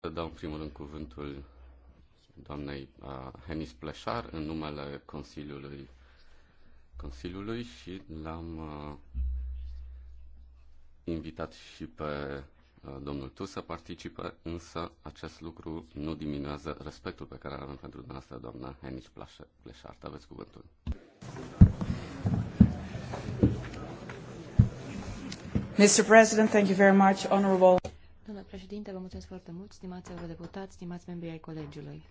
Să dau în primul rând cuvântul doamnei uh, Henis Pleșar în numele Consiliului, Consiliului și l-am uh, invitat și pe domnul Tu să participe, însă acest lucru nu diminuează respectul pe care îl avem pentru dumneavoastră, doamna Henis Pleșar. Aveți cuvântul. Mr. President, thank you very much, honorable președinte, vă mulțumesc foarte mult, stimați eurodeputați, stimați membri ai colegiului.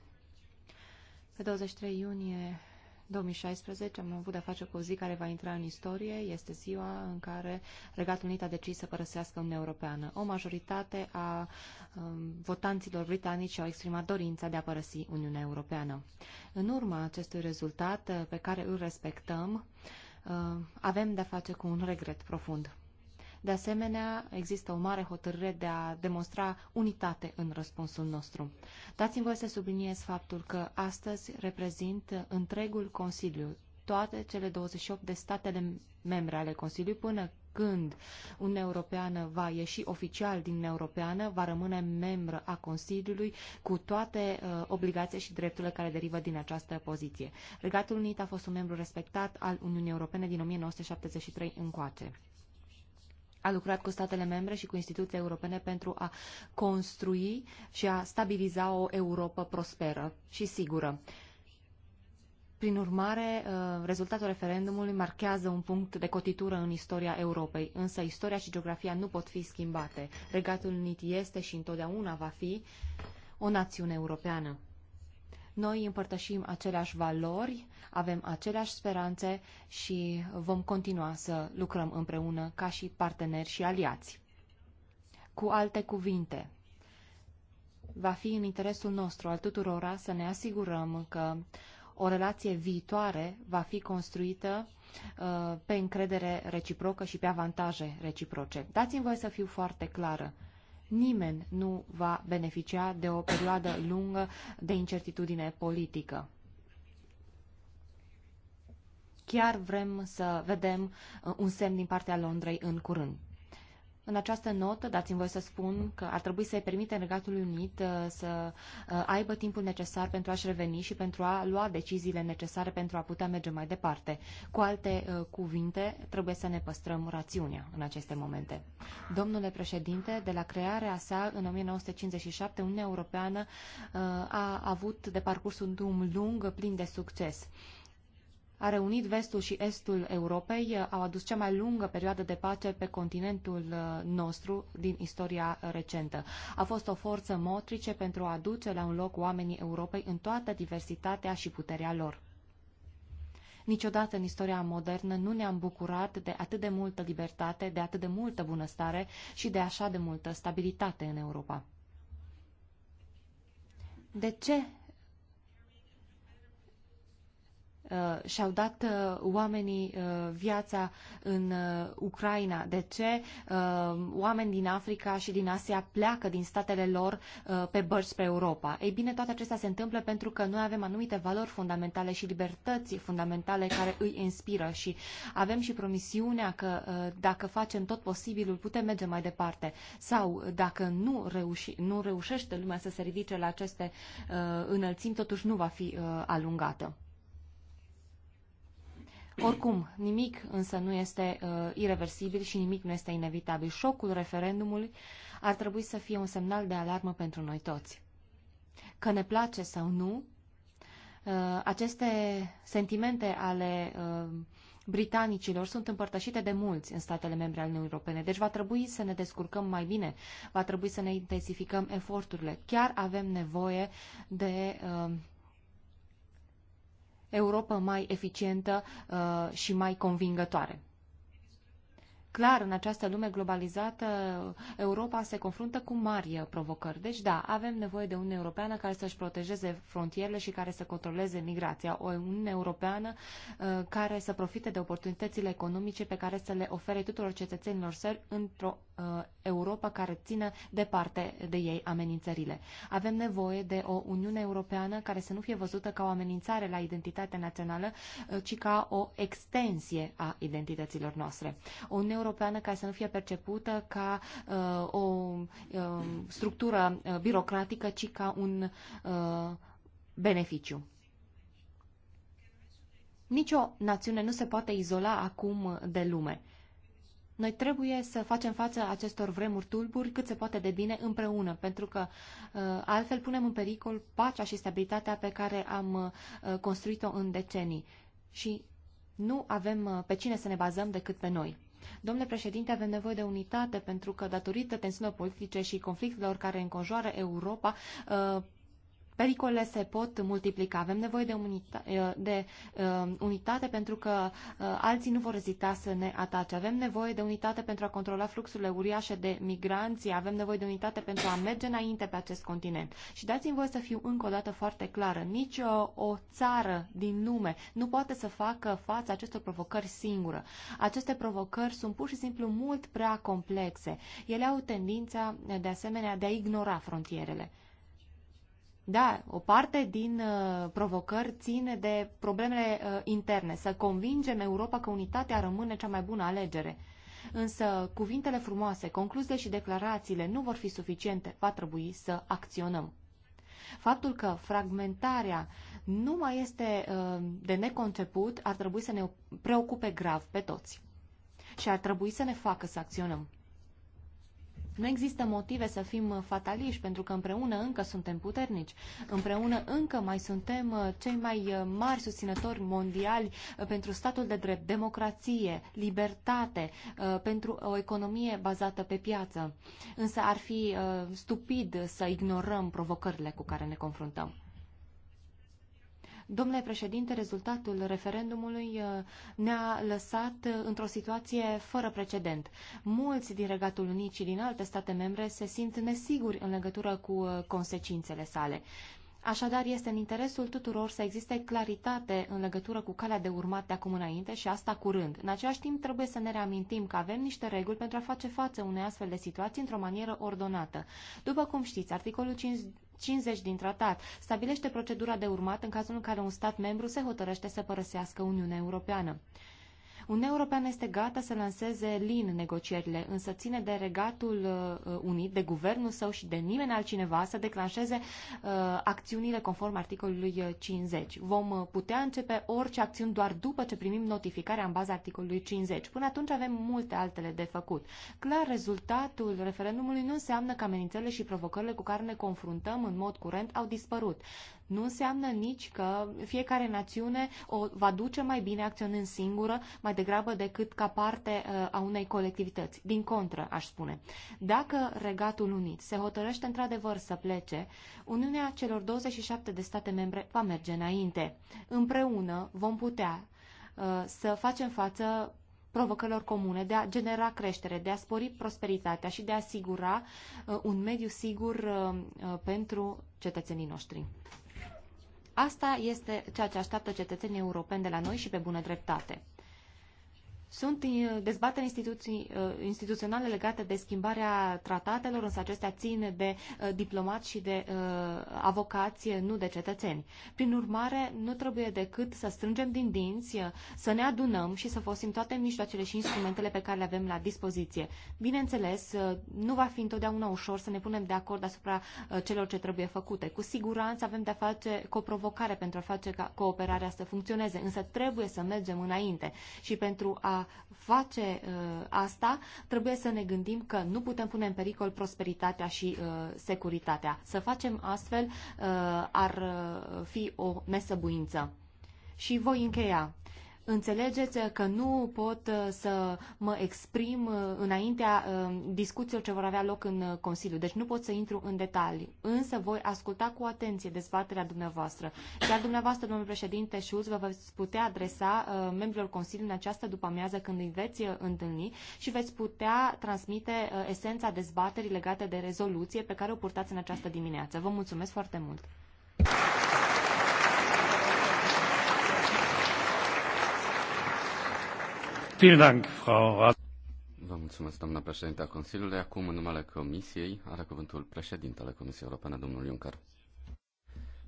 Pe 23 iunie 2016 am avut de-a face cu o zi care va intra în istorie. Este ziua în care Regatul Unit a decis să părăsească Uniunea Europeană. O majoritate a um, votanților britanici au exprimat dorința de a părăsi Uniunea Europeană. În urma acestui rezultat uh, pe care îl respectăm, uh, avem de-a face cu un regret profund. De asemenea, există o mare hotărâre de a demonstra unitate în răspunsul nostru. Dați-mi voi să subliniez faptul că astăzi reprezint întregul Consiliu, toate cele 28 de statele membre ale Consiliului până când Uniunea Europeană va ieși oficial din Uniunea Europeană, va rămâne membră a Consiliului cu toate uh, obligațiile și drepturile care derivă din această poziție. Regatul Unit a fost un membru respectat al Uniunii Europene din 1973 încoace a lucrat cu statele membre și cu instituții europene pentru a construi și a stabiliza o Europa prosperă și sigură. Prin urmare, uh, rezultatul referendumului marchează un punct de cotitură în istoria Europei, însă istoria și geografia nu pot fi schimbate. Regatul Unit este și întotdeauna va fi o națiune europeană. Noi împărtășim aceleași valori, avem aceleași speranțe și vom continua să lucrăm împreună ca și parteneri și aliați. Cu alte cuvinte, va fi în interesul nostru al tuturora să ne asigurăm că o relație viitoare va fi construită uh, pe încredere reciprocă și pe avantaje reciproce. Dați-mi voie să fiu foarte clară nimeni nu va beneficia de o perioadă lungă de incertitudine politică. Chiar vrem să vedem uh, un semn din partea Londrei în curând. În această notă, dați-mi voi să spun că ar trebui să-i permite Regatului Unit uh, să uh, aibă timpul necesar pentru a-și reveni și pentru a lua deciziile necesare pentru a putea merge mai departe. Cu alte uh, cuvinte, trebuie să ne păstrăm rațiunea în aceste momente. Domnule președinte, de la crearea sa în 1957, Uniunea Europeană a avut de parcurs un drum lung plin de succes a reunit vestul și estul Europei, uh, au adus cea mai lungă perioadă de pace pe continentul uh, nostru din istoria recentă. A fost o forță motrice pentru a aduce la un loc oamenii Europei în toată diversitatea și puterea lor. Niciodată în istoria modernă nu ne-am bucurat de atât de multă libertate, de atât de multă bunăstare și de așa de multă stabilitate în Europa. De ce Uh, și-au dat uh, oamenii uh, viața în Ucraina. De ce oameni din Africa și din Asia pleacă din statele lor pe bărci spre Europa? Ei bine, toate acestea se întâmplă pentru că noi avem anumite valori fundamentale și libertăți fundamentale care îi inspiră și avem și promisiunea că dacă facem tot posibilul putem merge mai departe sau dacă nu, reuși, nu reușește lumea să se ridice la aceste înălțimi, totuși nu va fi alungată. Oricum, nimic însă nu este uh, irreversibil și nimic nu este inevitabil. Șocul referendumului ar trebui să fie un semnal de alarmă pentru noi toți. Că ne place sau nu, uh, aceste sentimente ale uh, britanicilor sunt împărtășite de mulți în statele membre ale Uniunii Europene, deci va trebui să ne descurcăm mai bine, va trebui să ne intensificăm eforturile. Chiar avem nevoie de uh, Europa mai eficientă uh, și mai convingătoare. Clar, în această lume globalizată, Europa se confruntă cu mari provocări. Deci, da, avem nevoie de Uniune Europeană care să-și protejeze frontierele și care să controleze migrația. O Uniune Europeană uh, care să profite de oportunitățile economice pe care să le ofere tuturor cetățenilor săi într-o Uh, Europa care țină departe de ei amenințările. Avem nevoie de o Uniune Europeană care să nu fie văzută ca o amenințare la identitatea națională, uh, ci ca o extensie a identităților noastre. O Uniune Europeană care să nu fie percepută ca uh, o uh, structură uh, birocratică, ci ca un uh, beneficiu. Nicio națiune nu se poate izola acum de lume. Uh, noi trebuie să facem față acestor vremuri tulburi cât se poate de bine împreună, pentru că uh, altfel punem în pericol pacea și stabilitatea pe care am uh, construit-o în decenii. Și nu avem uh, pe cine să ne bazăm decât pe noi. Domnule președinte, avem nevoie de unitate pentru că, datorită tensiunilor politice și conflictelor care înconjoară Europa, Pericolele se pot multiplica. Avem nevoie de, unita, eh, de uh, unitate pentru că uh, alții nu vor rezita să ne atace. Avem nevoie de unitate pentru a controla fluxurile uriașe de migranți. Avem nevoie de unitate pentru a merge înainte pe acest continent. Și dați-mi voie să fiu încă o dată foarte clară. Nici o, o țară din lume nu poate să facă față acestor provocări singură. Aceste provocări sunt pur și simplu mult prea complexe. Ele au tendința, de asemenea, de a ignora frontierele. Da, o parte din uh, provocări ține de problemele uh, interne, să convingem Europa că unitatea rămâne cea mai bună alegere. Însă cuvintele frumoase, concluziile și declarațiile nu vor fi suficiente, va trebui să acționăm. Faptul că fragmentarea nu mai este uh, de neconceput ar trebui să ne preocupe grav pe toți și ar trebui să ne facă să acționăm. Nu există motive să fim fataliști, pentru că împreună încă suntem puternici. Împreună încă mai suntem uh, cei mai uh, mari susținători mondiali uh, pentru statul de drept, democrație, libertate, pentru o economie bazată pe piață. Însă ar fi stupid să ignorăm provocările cu care ne confruntăm. Domnule președinte, rezultatul referendumului uh, ne-a lăsat uh, într-o situație fără precedent. Mulți din Regatul Unit și din alte state membre se simt nesiguri în legătură cu uh, consecințele sale. Așadar, este în interesul tuturor să existe claritate în legătură cu calea de urmat de acum înainte și asta curând. În același timp, trebuie să ne reamintim că avem niște reguli pentru a face față unei astfel de situații într-o manieră ordonată. După cum știți, articolul 5 50 din tratat. Stabilește procedura de urmat în cazul în care un stat membru se hotărăște să părăsească Uniunea Europeană. Uniunea Europeană este gata să lanseze lin negocierile, însă ține de Regatul uh, Unit, de guvernul său și de nimeni altcineva să declanșeze uh, acțiunile conform articolului 50. Uh, Vom putea începe orice acțiuni doar după ce primim notificarea în baza articolului 50. Până atunci avem multe altele de făcut. Clar, rezultatul referendumului nu înseamnă că amenințările și provocările cu care ne confruntăm în mod curent au dispărut nu înseamnă nici că fiecare națiune o va duce mai bine acționând singură, mai degrabă decât ca parte uh, a unei colectivități. Din contră, aș spune. Dacă Regatul Unit se hotărăște într-adevăr să plece, Uniunea celor 27 de state membre va merge înainte. Împreună vom putea uh, să facem față provocărilor comune, de a genera creștere, de a spori prosperitatea și de a asigura uh, un mediu sigur pentru cetățenii noștri. Asta este ceea ce așteaptă cetățenii europeni de la noi și pe bună dreptate. Sunt uh, dezbateri instituții, uh, instituționale legate de schimbarea tratatelor, însă acestea țin de uh, diplomați și de avocați, nu de cetățeni. Prin urmare, nu trebuie decât să strângem din dinți, să ne adunăm și să folosim toate mijloacele și instrumentele pe care le avem la dispoziție. Bineînțeles, nu va fi întotdeauna ușor să ne punem de acord asupra celor ce trebuie făcute. Cu siguranță avem de-a face cu o provocare pentru a face ca cooperarea să funcționeze, însă trebuie să mergem înainte și pentru a a face uh, asta, trebuie să ne gândim că nu putem pune în pericol prosperitatea și uh, securitatea. Să facem astfel uh, ar uh, fi o nesăbuință. Și voi încheia. Înțelegeți că nu pot uh, să mă exprim uh, înaintea uh, discuțiilor ce vor avea loc în Consiliu, deci nu pot să intru în detalii, însă voi asculta cu atenție dezbaterea dumneavoastră. Chiar dumneavoastră, domnul președinte Schulz, vă veți putea adresa membrilor Consiliului în această după-amiază când îi veți întâlni și veți putea transmite esența dezbaterii legate de rezoluție pe care o purtați în această dimineață. Vă mulțumesc foarte mult! Vă mulțumesc, doamna președinte a Consiliului. Acum, în numele Comisiei, are cuvântul președintele Comisiei Europene, domnul Juncker.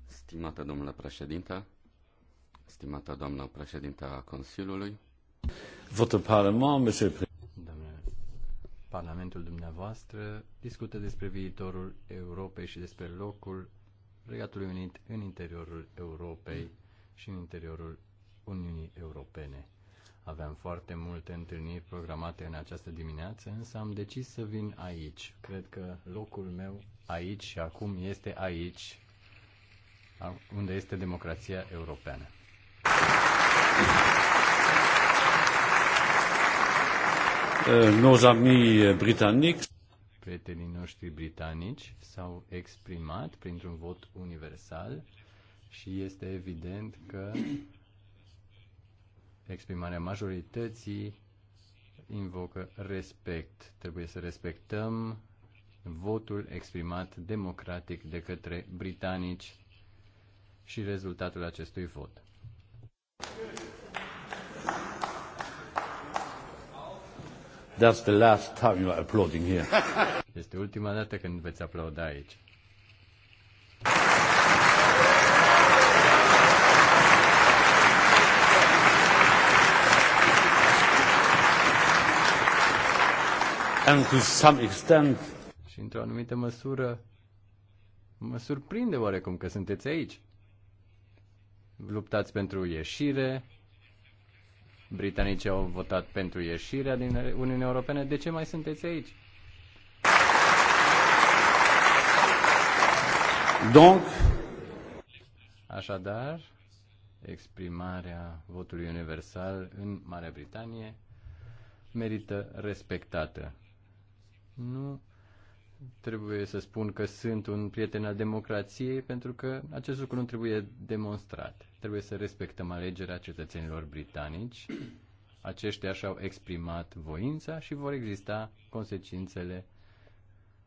Stimată domnule președinte, stimată doamnă președinte a Consiliului, Votre Parlement, Domnule, Parlamentul dumneavoastră discută despre viitorul Europei și despre locul Regatului Unit în interiorul Europei și în interiorul Uniunii Europene. Aveam foarte multe întâlniri programate în această dimineață, însă am decis să vin aici. Cred că locul meu aici și acum este aici, unde este democrația europeană. Uh, nos britanici. Prietenii noștri britanici s-au exprimat printr-un vot universal și este evident că exprimarea majorității invocă respect. Trebuie să respectăm votul exprimat democratic de către britanici și rezultatul acestui vot. That's the last time you are applauding here. Este ultima dată când veți aplauda aici. And to some extent... Și într-o anumită măsură mă surprinde oarecum că sunteți aici. Luptați pentru ieșire, britanicii au votat pentru ieșirea din Uniunea Europeană, de ce mai sunteți aici? Donc, Așadar, exprimarea votului universal în Marea Britanie merită respectată. Nu trebuie să spun că sunt un prieten al democrației, pentru că acest lucru nu trebuie demonstrat. Trebuie să respectăm alegerea cetățenilor britanici. Aceștia și-au exprimat voința și vor exista consecințele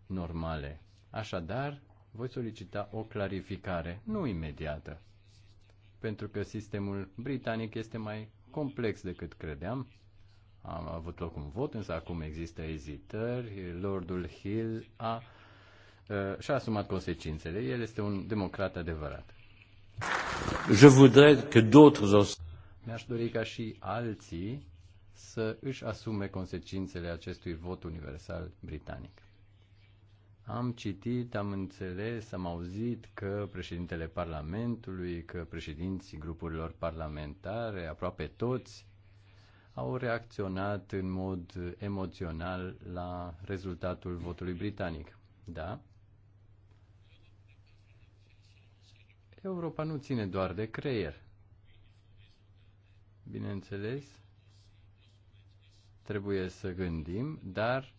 normale. Așadar, voi solicita o clarificare, nu imediată, pentru că sistemul britanic este mai complex decât credeam am avut loc un vot, însă acum există ezitări. Lordul Hill a, și-a asumat consecințele. El este un democrat adevărat. Je voudrais que d'autres Mi-aș dori ca și alții să își asume consecințele acestui vot universal britanic. Am citit, am înțeles, am auzit că președintele Parlamentului, că președinții grupurilor parlamentare, aproape toți, au reacționat în mod emoțional la rezultatul votului britanic. Da? Europa nu ține doar de creier. Bineînțeles, trebuie să gândim, dar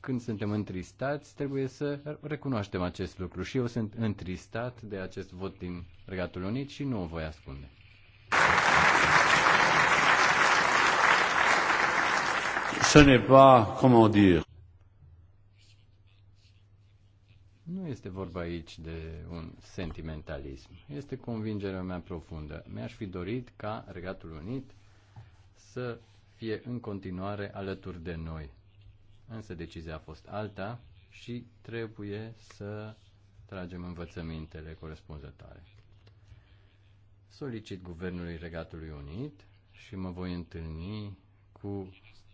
când suntem întristați, trebuie să recunoaștem acest lucru. Și eu sunt întristat de acest vot din Regatul Unit și nu o voi ascunde. ce n'est pas, comment dire, Nu este vorba aici de un sentimentalism. Este convingerea mea profundă. Mi-aș fi dorit ca Regatul Unit să fie în continuare alături de noi. Însă decizia a fost alta și trebuie să tragem învățămintele corespunzătoare. Solicit Guvernului Regatului Unit și mă voi întâlni cu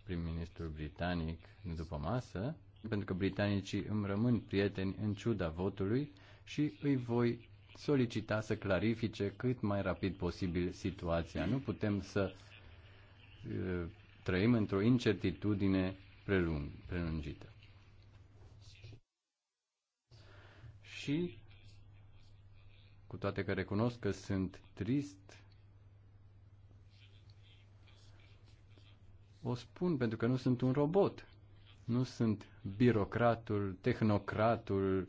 prim-ministrul britanic după masă, pentru că britanicii îmi rămân prieteni în ciuda votului și îi voi solicita să clarifice cât mai rapid posibil situația. Nu putem să uh, trăim într-o incertitudine prelung, prelungită. Și, cu toate că recunosc că sunt trist O spun pentru că nu sunt un robot. Nu sunt birocratul, tehnocratul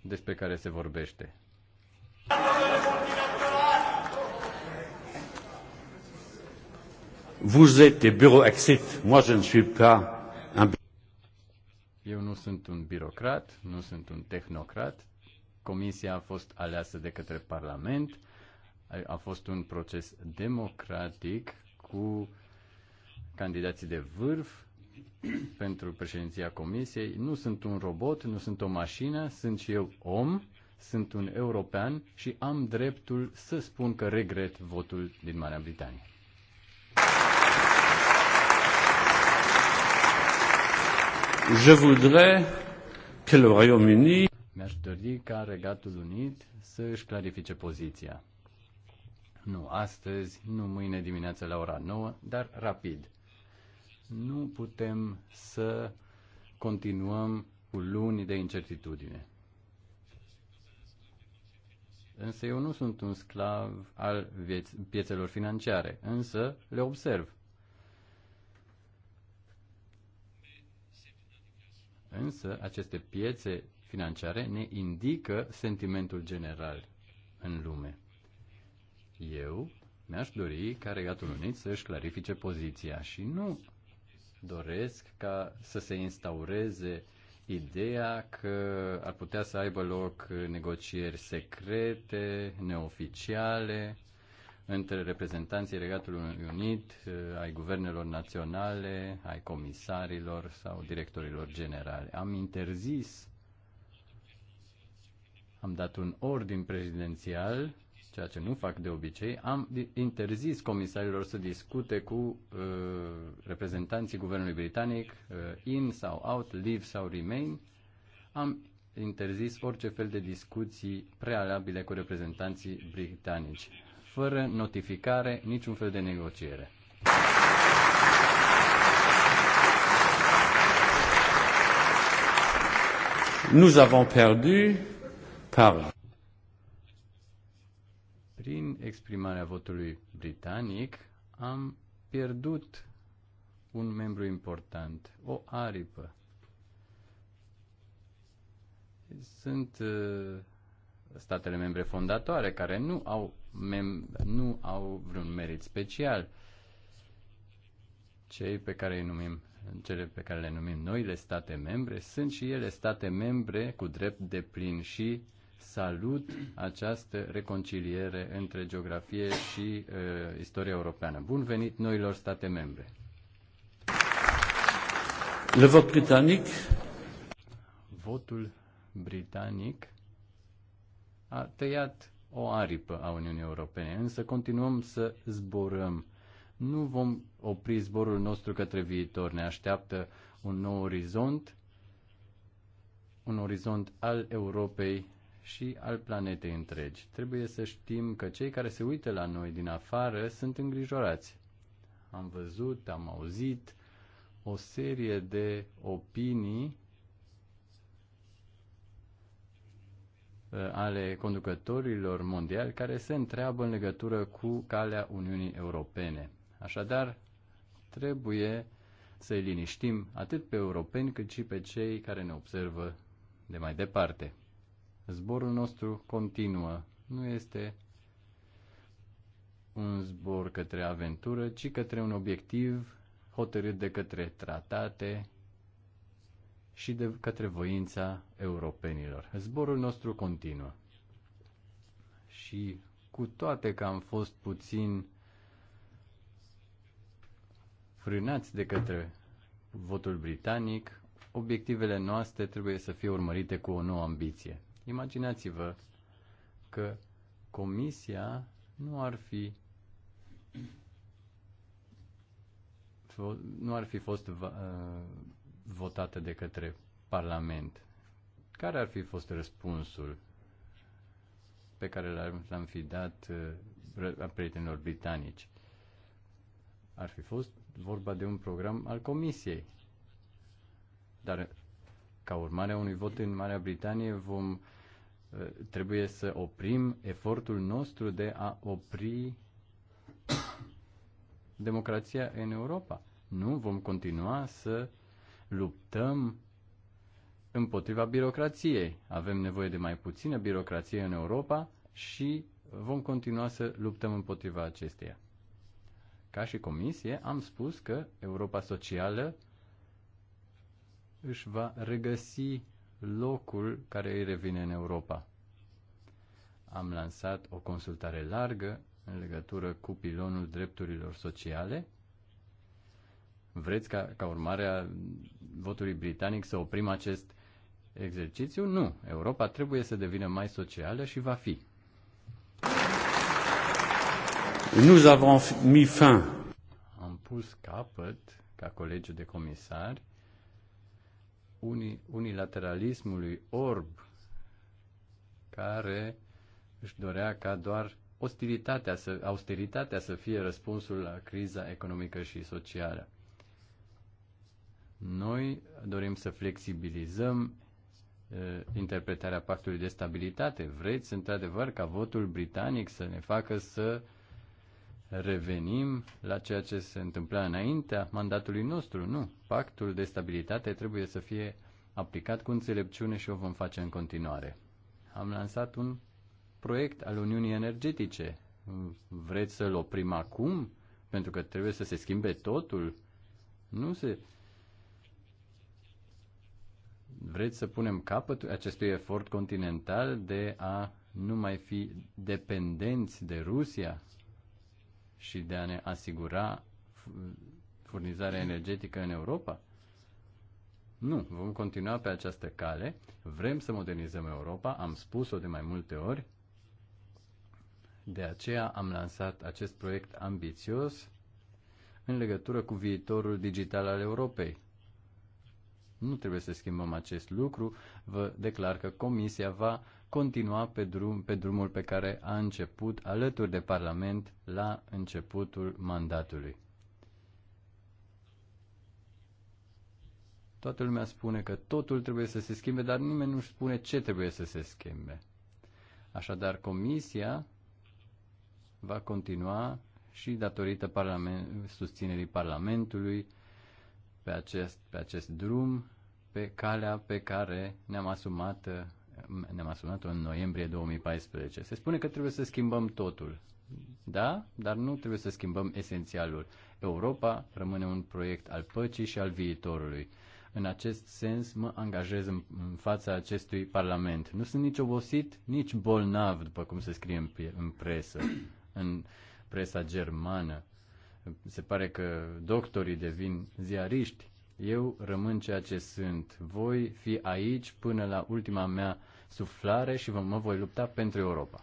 despre care se vorbește. Vous êtes des moi je ne suis pas un Eu nu sunt un birocrat, nu sunt un tehnocrat. Comisia a fost aleasă de către Parlament. A fost un proces democratic cu candidații de vârf pentru președinția Comisiei. Nu sunt un robot, nu sunt o mașină, sunt și eu om, sunt un european și am dreptul să spun că regret votul din Marea Britanie. Je voudrais que le Royaume-Uni mi-aș dori ca Regatul Unit să își clarifice poziția nu astăzi, nu mâine dimineață la ora 9, dar rapid. Nu putem să continuăm cu luni de incertitudine. Însă eu nu sunt un sclav al piețelor financiare, însă le observ. Însă aceste piețe financiare ne indică sentimentul general în lume eu mi-aș dori ca Regatul Unit să-și clarifice poziția și nu doresc ca să se instaureze ideea că ar putea să aibă loc negocieri secrete, neoficiale, între reprezentanții Regatului Unit, eh, ai guvernelor naționale, ai comisarilor sau directorilor generale. Am interzis, am dat un ordin prezidențial ceea ce nu fac de obicei, am interzis comisarilor să discute cu uh, reprezentanții guvernului britanic uh, in sau out, leave sau remain. Am interzis orice fel de discuții prealabile cu reprezentanții britanici, fără notificare, niciun fel de negociere. Nous avons perdu par prin exprimarea votului britanic am pierdut un membru important, o aripă. Sunt uh, statele membre fondatoare care nu au, mem- nu au vreun merit special. Cei pe care îi numim cele pe care le numim noile state membre, sunt și ele state membre cu drept de plin și salut această reconciliere între geografie și uh, istoria europeană. Bun venit noilor state membre! Le vot britanic. Votul britanic a tăiat o aripă a Uniunii Europene, însă continuăm să zborăm. Nu vom opri zborul nostru către viitor. Ne așteaptă un nou orizont, un orizont al Europei și al planetei întregi. Trebuie să știm că cei care se uită la noi din afară sunt îngrijorați. Am văzut, am auzit o serie de opinii uh, ale conducătorilor mondiali care se întreabă în legătură cu calea Uniunii Europene. Așadar, trebuie să-i liniștim atât pe europeni cât și pe cei care ne observă de mai departe. Zborul nostru continuă. Nu este un zbor către aventură, ci către un obiectiv hotărât de către tratate și de către voința europenilor. Zborul nostru continuă. Și cu toate că am fost puțin frânați de către votul britanic, obiectivele noastre trebuie să fie urmărite cu o nouă ambiție. Imaginați-vă că comisia nu ar fi nu ar fi fost uh, votată de către Parlament. Care ar fi fost răspunsul pe care l-am fi dat uh, a prietenilor britanici? Ar fi fost vorba de un program al Comisiei. Dar ca urmare a unui vot în Marea Britanie vom trebuie să oprim efortul nostru de a opri democrația în Europa. Nu vom continua să luptăm împotriva birocrației. Avem nevoie de mai puțină birocrație în Europa și vom continua să luptăm împotriva acesteia. Ca și comisie am spus că Europa Socială își va regăsi locul care îi revine în Europa. Am lansat o consultare largă în legătură cu pilonul drepturilor sociale. Vreți ca, ca urmare a votului britanic să oprim acest exercițiu? Nu. Europa trebuie să devină mai socială și va fi. Nous avons mis fin. Am pus capăt, ca colegiu de comisari, unilateralismului orb care își dorea ca doar ostilitatea să, austeritatea să fie răspunsul la criza economică și socială. Noi dorim să flexibilizăm interpretarea pactului de stabilitate. Vreți, într-adevăr, ca votul britanic să ne facă să revenim la ceea ce se întâmpla înaintea mandatului nostru. Nu. Pactul de stabilitate trebuie să fie aplicat cu înțelepciune și o vom face în continuare. Am lansat un proiect al Uniunii Energetice. Vreți să-l oprim acum? Pentru că trebuie să se schimbe totul? Nu se... Vreți să punem capăt acestui efort continental de a nu mai fi dependenți de Rusia? și de a ne asigura furnizarea mhm. energetică în Europa? Nu, vom continua pe această cale. Vrem să modernizăm Europa, am spus-o de mai multe ori. De aceea am lansat acest proiect ambițios în legătură cu viitorul digital al Europei. Nu trebuie să schimbăm acest lucru. Vă declar că Comisia va continua pe, drum, pe drumul pe care a început alături de Parlament la începutul mandatului. Toată lumea spune că totul trebuie să se schimbe, dar nimeni nu spune ce trebuie să se schimbe. Așadar, Comisia va continua și datorită parlament, susținerii Parlamentului pe acest, pe acest drum, pe calea pe care ne-am asumat ne-am asumat-o în noiembrie 2014. Se spune că trebuie să schimbăm totul. Da, dar nu trebuie să schimbăm esențialul. Europa rămâne un proiect al păcii și al viitorului. În acest sens mă angajez în, în fața acestui Parlament. Nu sunt nici obosit, nici bolnav, după cum se scrie în, în presă, în presa germană. Se pare că doctorii devin ziariști. Eu rămân ceea ce sunt. Voi fi aici până la ultima mea suflare și vă mă voi lupta pentru Europa.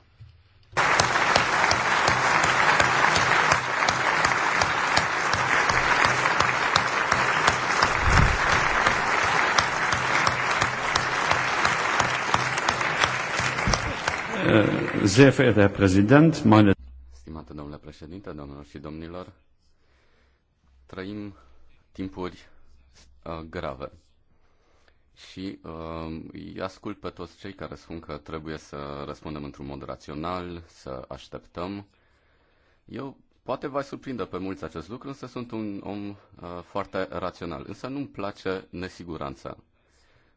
Sehr verehrter meine Stimate domnule președinte, domnilor și domnilor, trăim timpuri uh, grave și uh, îi ascult pe toți cei care spun că trebuie să răspundem într-un mod rațional, să așteptăm. Eu poate va surprinde pe mulți acest lucru, însă sunt un om uh, foarte rațional. Însă nu-mi place nesiguranța.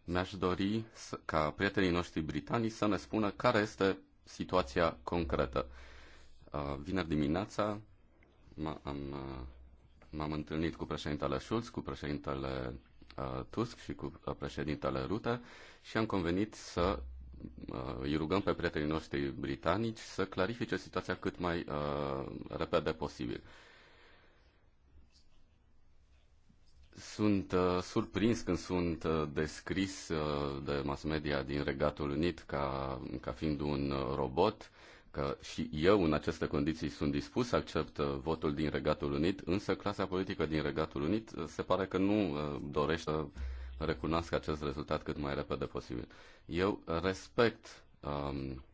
Mi-aș dori să, ca prietenii noștri britanici să ne spună care este situația concretă. Uh, vineri dimineața m-am, uh, m-am întâlnit cu președintele Schulz, cu președintele Uh, Tusk și cu uh, președintele Ruta și am convenit să uh, îi rugăm pe prietenii noștri britanici să clarifice situația cât mai uh, repede posibil. Sunt uh, surprins când sunt uh, descris uh, de mass media din Regatul Unit ca, ca fiind un uh, robot că și eu în aceste condiții sunt dispus să accept uh, votul din Regatul Unit, însă clasa politică din Regatul Unit uh, se pare că nu uh, dorește să recunoască acest rezultat cât mai repede posibil. Eu respect um,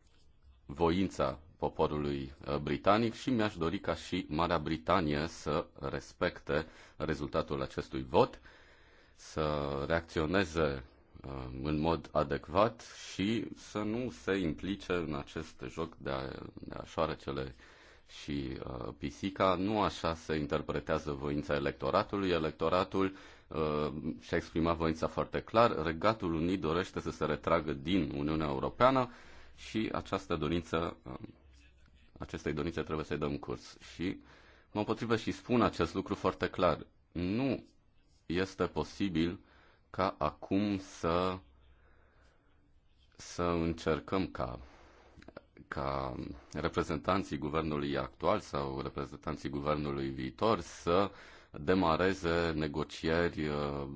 voința poporului britanic și mi-aș dori ca și Marea Britanie să respecte rezultatul acestui vot, să reacționeze Uh, în mod adecvat și să nu se implice în acest joc de, a, de a șoarecele și uh, pisica. Nu așa se interpretează voința electoratului. Electoratul uh, și-a exprimat voința foarte clar. Regatul Unit dorește să se retragă din Uniunea Europeană și această dorință, uh, acestei dorințe trebuie să-i dăm curs. Și mă potrivă și spun acest lucru foarte clar. Nu este posibil uh, ca acum să, să încercăm ca, ca reprezentanții guvernului actual sau reprezentanții guvernului viitor să demareze negocieri uh,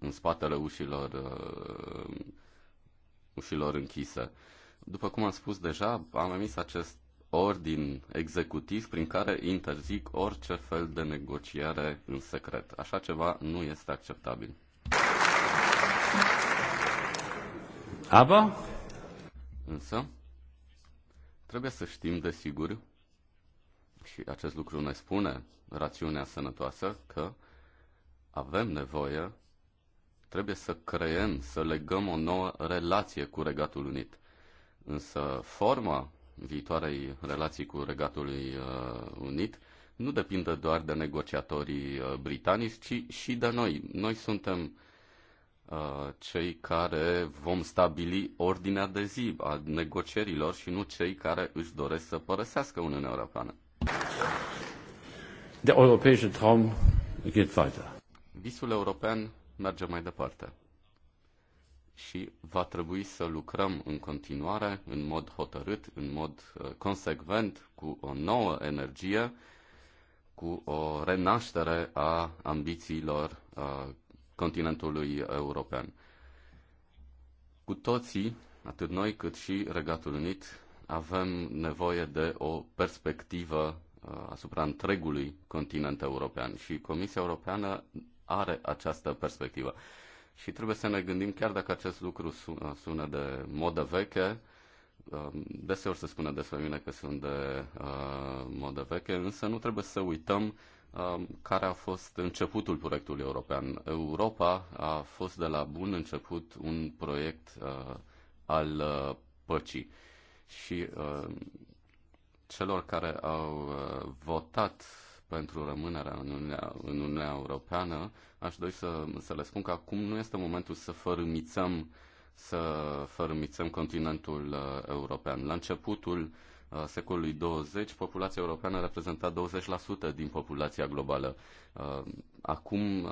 în spatele ușilor, uh, ușilor închise. După cum am spus deja, am emis acest ordin executiv prin care interzic orice fel de negociere în secret. Așa ceva nu este acceptabil. Aba? însă, trebuie să știm de sigur, și acest lucru ne spune rațiunea sănătoasă, că avem nevoie, trebuie să creăm, să legăm o nouă relație cu Regatul Unit. Însă forma viitoarei relații cu Regatul uh, Unit nu depinde doar de negociatorii uh, britanici, ci și de noi. Noi suntem Uh, cei care vom stabili ordinea de zi a negocierilor și nu cei care își doresc să părăsească Uniunea Europeană. Der europäische Traum geht weiter. Visul european merge mai departe și va trebui să lucrăm în continuare, în mod hotărât, în mod uh, consecvent, cu o nouă energie, cu o renaștere a ambițiilor uh, continentului european. Cu toții, atât noi cât și Regatul Unit, avem nevoie de o perspectivă uh, asupra întregului continent european și Comisia Europeană are această perspectivă. Și trebuie să ne gândim, chiar dacă acest lucru uh, sună de modă veche, uh, deseori se spune despre mine că sunt de modă veche, însă nu trebuie să uităm Um, care a fost începutul proiectului european. Europa a fost de la bun început un proiect uh, al uh, păcii și uh, celor care au uh, votat pentru rămânerea în Uniunea, în Uniunea Europeană, aș dori să, să le spun că acum nu este momentul să fărâmițăm, să fărâmițăm continentul uh, european. La începutul uh, Uh, secolului 20, populația europeană reprezenta 20% din populația globală. Uh, acum uh,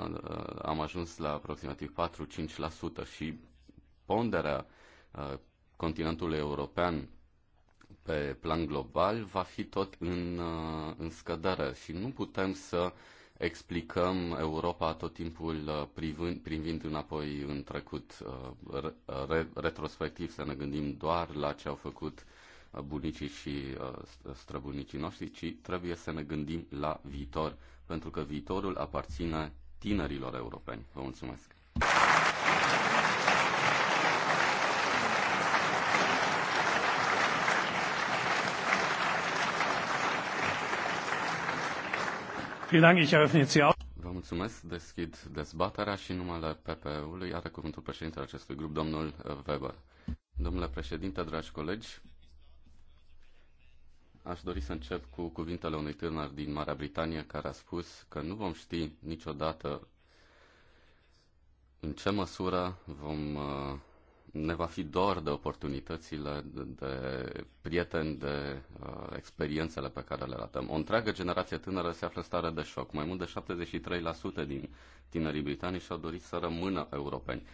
am ajuns la aproximativ 4-5% și ponderea continentului european pe plan global va fi tot în, în scădere și nu putem să explicăm Europa tot timpul privind, privind înapoi în trecut, re, retrospectiv, să ne gândim doar la ce au făcut uh, bunicii și uh, străbunicii noștri, ci trebuie să ne gândim la viitor, pentru că viitorul aparține tinerilor europeni. Vă mulțumesc! Vă mulțumesc, deschid dezbaterea și numele PPE-ului are cuvântul președintele acestui grup, domnul Weber. Domnule președinte, dragi colegi, Aș dori să încep cu cuvintele unui tânăr din Marea Britanie care a spus că nu vom ști niciodată în ce măsură vom, uh, ne va fi dor de oportunitățile, de, de prieteni, de uh, experiențele pe care le ratăm. O întreagă generație tânără se află în stare de șoc. Mai mult de 73% din tinerii britanici au dorit să rămână europeni.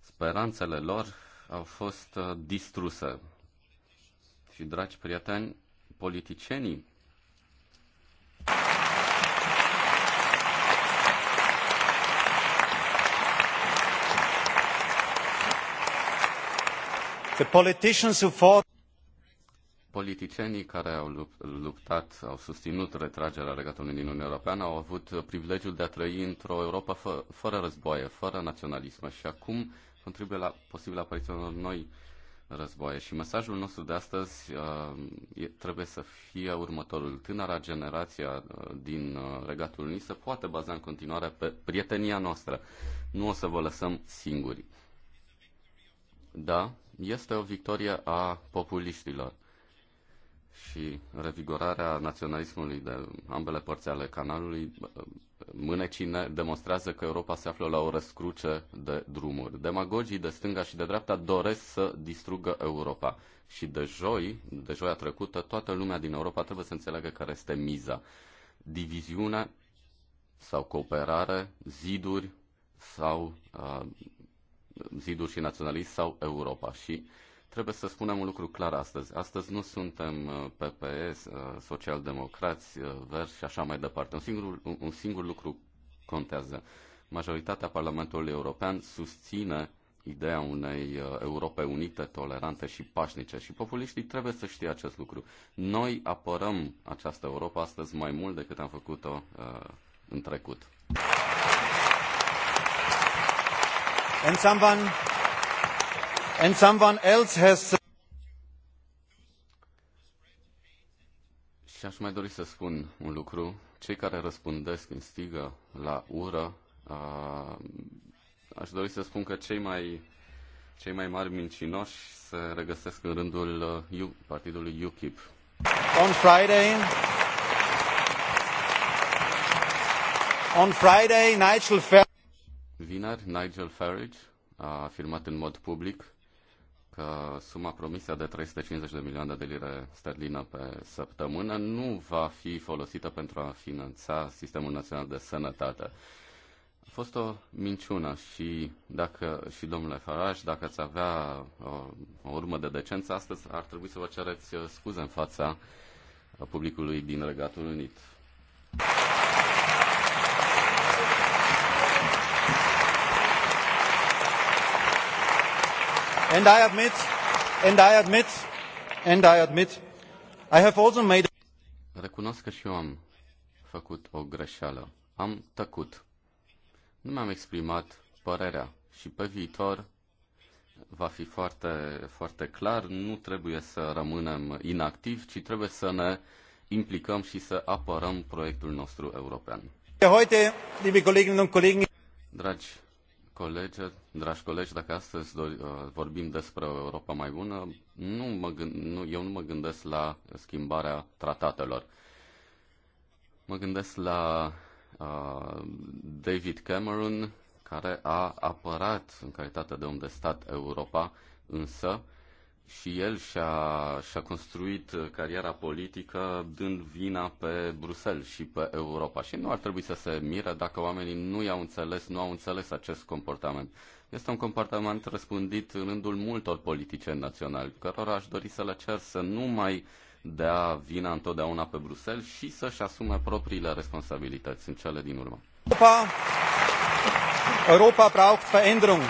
Speranțele lor au fost uh, distruse. Și, dragi prieteni, politicienii The politicians who fought politicienii care au luptat, au susținut retragerea Regatului din Uniunea Europeană, au avut privilegiul de a trăi într-o Europa fă, fără războaie, fără naționalism și acum contribuie la posibilă apariția unor noi uh, războaie. Și mesajul nostru de astăzi uh, trebuie să fie următorul. Tânăra generație uh, din uh, Regatul Unii se poate baza în continuare pe prietenia noastră. Nu o să vă lăsăm singuri. Da, este o victorie a populiștilor și revigorarea naționalismului de ambele părți ale canalului mânecine demonstrează că Europa se află la o răscruce de drumuri. Demagogii de stânga și de dreapta doresc să distrugă Europa. Și de joi, de joia trecută, toată lumea din Europa trebuie să înțeleagă care este miza. Diviziune sau cooperare, ziduri sau uh, ziduri și naționalism sau Europa. Și uh, Trebuie să spunem un lucru clar astăzi. Astăzi nu suntem uh, PPS, uh, socialdemocrați, uh, verzi și așa mai departe. Un singur, un singur lucru contează. Majoritatea Parlamentului European susține ideea unei Europe unite, tolerante și pașnice. Și populiștii trebuie să știe acest lucru. Noi apărăm această Europa astăzi mai mult decât am făcut-o uh, în trecut. And someone and someone else has Și aș mai dori să spun un lucru. Cei care răspundesc în stigă la ură, a, aș dori să spun că cei mai, cei mai mari mincinoși se regăsesc în rândul uh, partidului UKIP. On Friday, on Friday Nigel Farage Vineri, Nigel Farage a afirmat în mod public că suma promisă de 350 de milioane de lire sterline pe săptămână nu va fi folosită pentru a finanța Sistemul Național de Sănătate. A fost o minciună și, dacă, și domnule Faraj, dacă ați avea o, o urmă de decență, astăzi ar trebui să vă cereți scuze în fața publicului din Regatul Unit. And I admit, and I admit, and I admit, I have also made... Recunosc că și eu am făcut o greșeală. Am tăcut. Nu mi-am exprimat părerea și pe viitor va fi foarte, foarte clar, nu trebuie să rămânem inactivi, ci trebuie să ne implicăm și să apărăm proiectul nostru european. Dragi colege, dragi colegi, dacă astăzi uh, vorbim despre Europa mai bună, nu mă gând, nu, eu nu mă gândesc la schimbarea tratatelor. Mă gândesc la uh, David Cameron, care a apărat în calitate de om de stat Europa, însă și el și-a, și-a construit cariera politică dând vina pe Bruxelles și pe Europa. Și nu ar trebui să se mire dacă oamenii nu i-au înțeles, nu au înțeles acest comportament. Este un comportament răspândit în rândul multor politice naționali, cărora aș dori să le cer să nu mai dea vina întotdeauna pe Bruxelles și să-și asume propriile responsabilități în cele din urmă. Europa, Europa braucht Veränderung.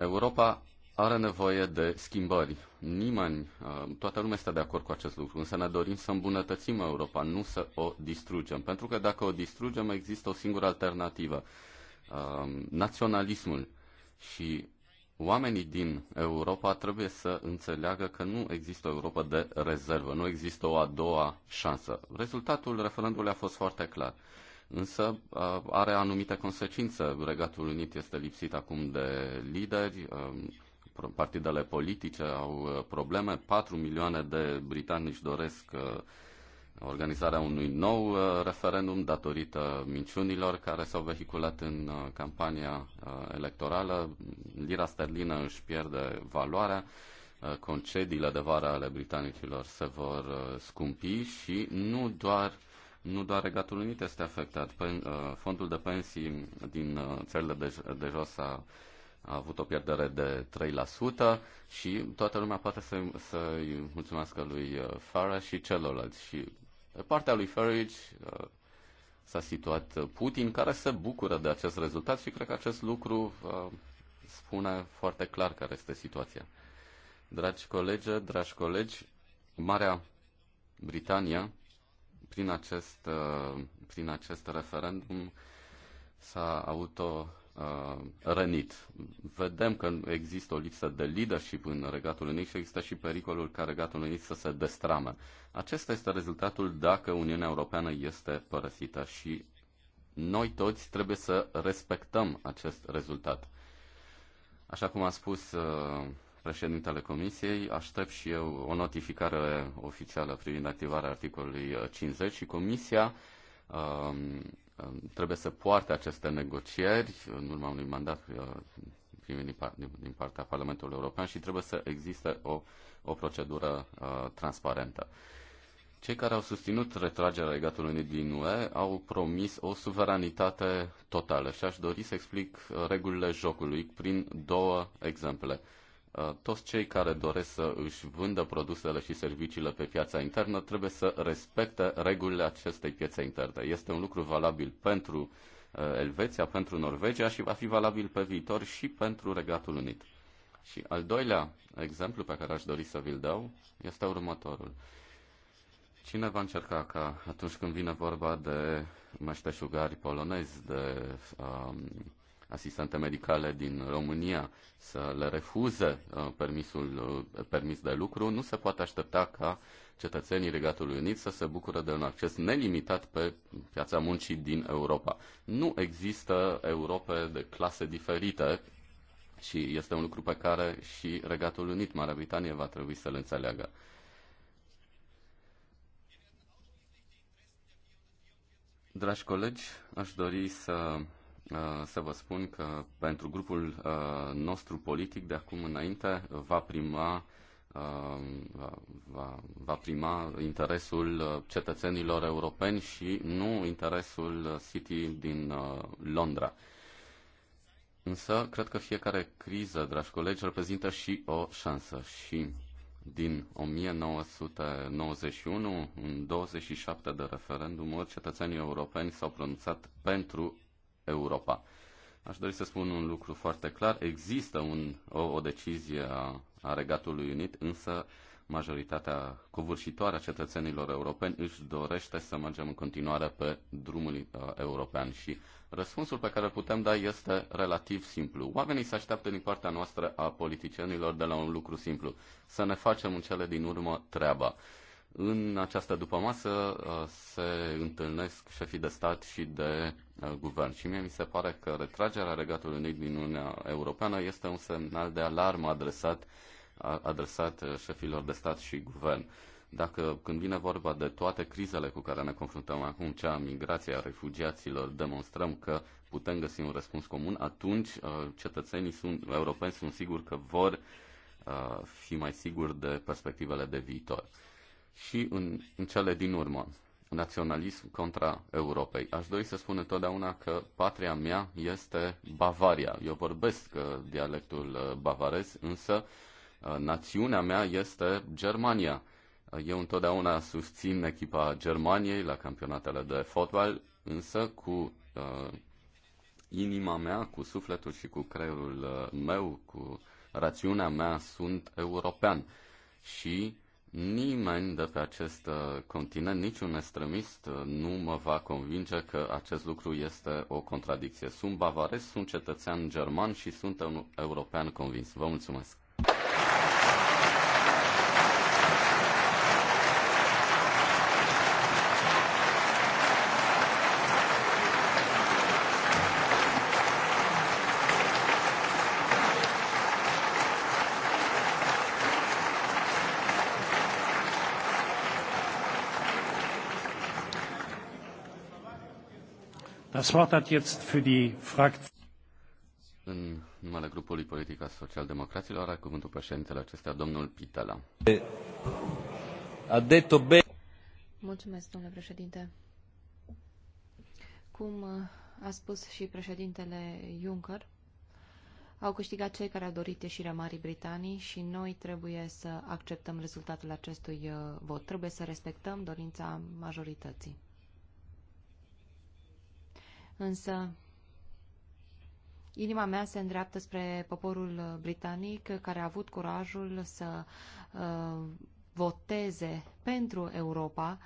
Europa are nevoie de schimbări. Nimeni, uh, toată lumea este de acord cu acest lucru, însă ne dorim să îmbunătățim Europa, nu să o distrugem. Pentru că dacă o distrugem, există o singură alternativă. Uh, naționalismul. Și oamenii din Europa trebuie să înțeleagă că nu există o Europa de rezervă, nu există o a doua șansă. Rezultatul referendului a fost foarte clar însă uh, are anumite consecințe. Regatul Unit este lipsit acum de lideri, um, partidele politice au uh, probleme. 4 milioane de britanici doresc uh, organizarea unui nou uh, referendum datorită minciunilor care s-au vehiculat în campania electorală. Lira sterlină își pierde valoarea, concediile de vară ale britanicilor se vor scumpi și nu doar nu doar Regatul Unit este afectat. Fondul de pensii din țările de, de jos a a avut o pierdere de 3% și toată lumea poate să, să-i mulțumească lui uh, Farage și celorlalți. Și pe partea lui Farage uh, s-a situat Putin, care se bucură de acest rezultat și cred că acest lucru uh, spune foarte clar care este situația. Dragi colegi, dragi colegi, Marea Britania, prin acest, prin acest referendum, s-a auto Uh, rănit. Vedem că există o lipsă de leadership în Regatul Unit și există și pericolul ca Regatul Unit să se destrame. Acesta este rezultatul dacă Uniunea Europeană este părăsită și noi toți trebuie să respectăm acest rezultat. Așa cum a spus uh, președintele Comisiei, aștept și eu o notificare oficială privind activarea articolului 50 uh, și Comisia trebuie să poarte aceste negocieri în urma unui mandat uh, primit din partea Parlamentului European și trebuie să existe o, o procedură uh, transparentă. Cei care au susținut retragerea Regatului Unit din UE au promis o suveranitate totală și aș dori să explic uh, regulile jocului prin două exemple. Uh, toți cei care doresc să își vândă produsele și serviciile pe piața internă trebuie să respecte regulile acestei piețe interne. Este un lucru valabil pentru uh, Elveția, pentru Norvegia și va fi valabil pe viitor și pentru Regatul Unit. Și al doilea exemplu pe care aș dori să vi-l dau este următorul. Cine va încerca ca atunci când vine vorba de meșteșugari polonezi, de um, asistente medicale din România să le refuze uh, permisul, uh, permis de lucru, nu se poate aștepta ca cetățenii Regatului Unit să se bucură de un acces nelimitat pe piața muncii din Europa. Nu există Europe de clase diferite și este un lucru pe care și Regatul Unit, Marea Britanie, va trebui să-l înțeleagă. Dragi colegi, aș dori să Uh, să vă spun că pentru grupul uh, nostru politic de acum înainte va prima uh, va, va prima interesul cetățenilor europeni și nu interesul City din Londra. Însă, cred că fiecare criză, dragi colegi, reprezintă și o șansă. Și din 1991, în 27 de referendumuri, cetățenii europeni s-au pronunțat pentru Europa. Aș dori să spun un lucru foarte clar. Există un, o, o decizie a, a Regatului Unit, însă majoritatea covârșitoare a cetățenilor europeni își dorește să mergem în continuare pe drumul uh, european și răspunsul pe care îl putem da este relativ simplu. Oamenii se așteaptă din partea noastră a politicienilor de la un lucru simplu, să ne facem în cele din urmă treaba. În această dupămasă uh, se întâlnesc șefii de stat și de uh, guvern și mie mi se pare că retragerea Regatului Unit din Uniunea Europeană este un semnal de alarmă adresat, adresat uh, șefilor de stat și guvern. Dacă când vine vorba de toate crizele cu care ne confruntăm acum, cea a a refugiaților, demonstrăm că putem găsi un răspuns comun, atunci cetățenii sunt, europeni sunt siguri că vor fi mai siguri de perspectivele de viitor și în, în cele din urmă, naționalism contra Europei. Aș dori să spun întotdeauna că patria mea este Bavaria. Eu vorbesc uh, dialectul uh, bavarez, însă uh, națiunea mea este Germania. Eu întotdeauna susțin echipa Germaniei la campionatele de fotbal, însă cu uh, inima mea, cu sufletul și cu creierul meu, cu rațiunea mea, sunt european. Și Nimeni de pe acest uh, continent, niciun extremist uh, nu mă va convinge că acest lucru este o contradicție. Sunt bavarez, sunt cetățean german și sunt un european convins. Vă mulțumesc! Das Wort hat jetzt În numele grupului politic al socialdemocraților are cuvântul președintele acestea, domnul Pitela. A detto bene. Mulțumesc, domnule președinte. Cum uh, a spus și președintele Juncker, au câștigat cei care au dorit ieșirea Marii Britanii și noi trebuie să acceptăm rezultatul acestui uh, vot. Trebuie să respectăm dorința majorității însă inima mea se îndreaptă spre poporul britanic care a avut curajul să uh, voteze pentru Europa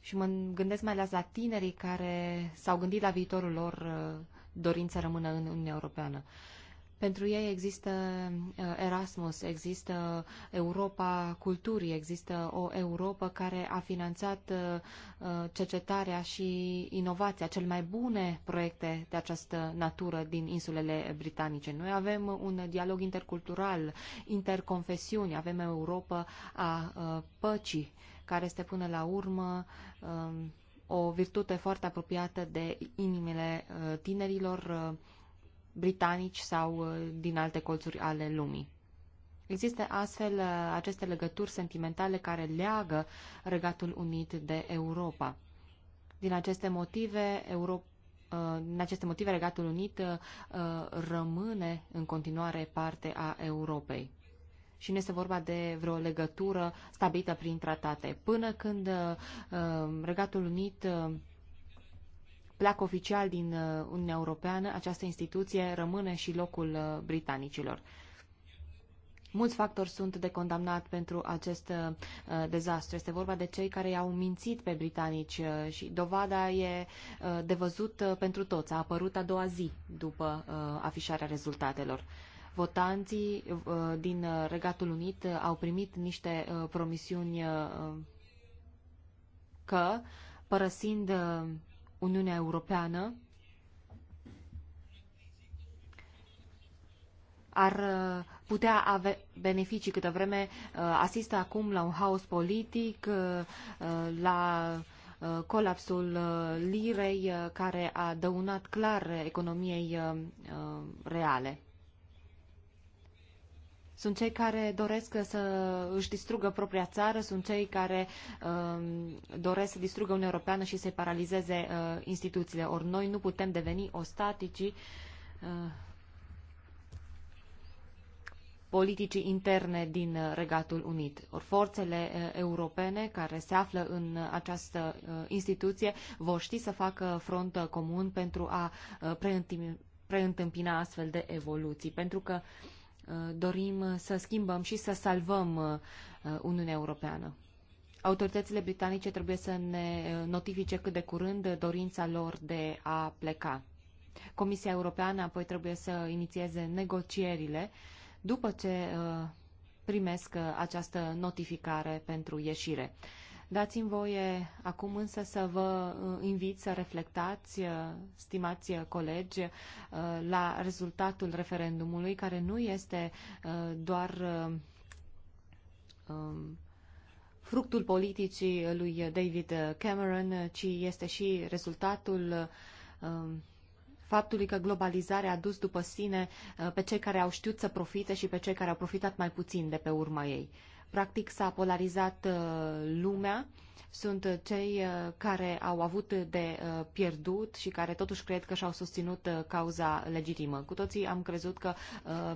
și mă gândesc mai ales la tinerii care s-au gândit la viitorul lor uh, dorind să rămână în Uniunea Europeană. Uh, pentru ei există uh, Erasmus, există Europa culturii, există o Europa care a finanțat uh, uh, cercetarea și inovația, cele mai bune proiecte de această natură din insulele britanice. Noi avem un dialog intercultural, interconfesiuni, avem Europa a păcii, care este până la urmă um, o virtute foarte apropiată de inimile tinerilor, britanici sau uh, din alte colțuri ale lumii. Există astfel uh, aceste legături sentimentale care leagă Regatul Unit de Europa. Din aceste motive, Europa uh, din aceste motive, Regatul Unit rămâne în continuare parte a Europei. Și nu este vorba de vreo legătură stabilită prin tratate. Până când Regatul Unit plac oficial din uh, Uniunea Europeană, această instituție rămâne și locul uh, britanicilor. Mulți factori sunt de condamnat pentru acest uh, uh, dezastru. Este vorba de cei care i-au mințit pe britanici uh, și dovada e uh, de văzut uh, pentru toți. A apărut a doua zi după uh, afișarea rezultatelor. Votanții uh, din uh, Regatul Unit uh, au primit niște uh, promisiuni uh, că, părăsind uh, Uniunea Europeană ar uh, putea avea beneficii câtă vreme uh, asistă acum la un haos politic, uh, la colapsul lirei care a dăunat clar economiei reale. Sunt cei care doresc să își distrugă propria țară, sunt cei care uh, doresc să distrugă Uniunea Europeană și să-i paralizeze uh, instituțiile. Ori noi nu putem deveni ostatici uh, politicii interne din uh, Regatul Unit. Or, forțele uh, europene care se află în această uh, instituție vor ști să facă front comun pentru a preîntâmpina astfel de evoluții, pentru că uh, Uh, dorim să schimbăm și să salvăm uh, uh, Uniunea Europeană. Autoritățile britanice trebuie să ne notifice cât de curând dorința lor de a pleca. Comisia Europeană apoi trebuie să inițieze negocierile după ce primesc această notificare pentru ieșire. Dați-mi voie acum însă să vă uh, invit să reflectați, uh, stimați uh, colegi, la rezultatul referendumului, care nu este doar um, fructul politicii lui David Cameron, ci este și rezultatul um, faptului că globalizarea a dus după sine pe cei care au știut să profite și pe cei care au profitat mai puțin de pe urma ei. Practic s-a polarizat uh, lumea, sunt uh, cei uh, care au avut de pierdut și care totuși cred că și-au susținut cauza legitimă. Cu toții am crezut că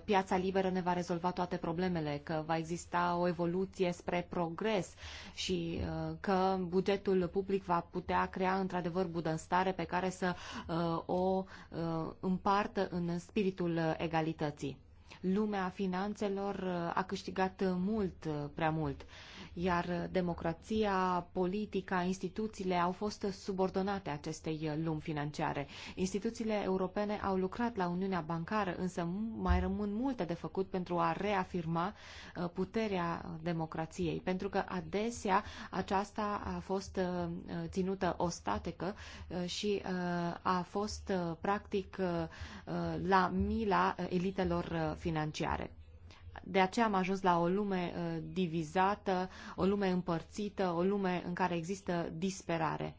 piața liberă ne va rezolva toate problemele, că va exista o evoluție spre progres și că bugetul public va putea crea într-adevăr bunăstare pe care să o împartă în spiritul egalității lumea finanțelor uh, a câștigat uh, mult, uh, prea mult iar democrația, politica, instituțiile au fost subordonate acestei uh, lumi financiare. Instituțiile europene au lucrat la Uniunea Bancară, însă mai rămân multe de făcut pentru a reafirma uh, puterea democrației, pentru că adesea aceasta a fost uh, ținută ostatecă și a fost practic la mila elitelor financiare de aceea am ajuns la o lume uh, divizată, o lume împărțită, o lume în care există disperare.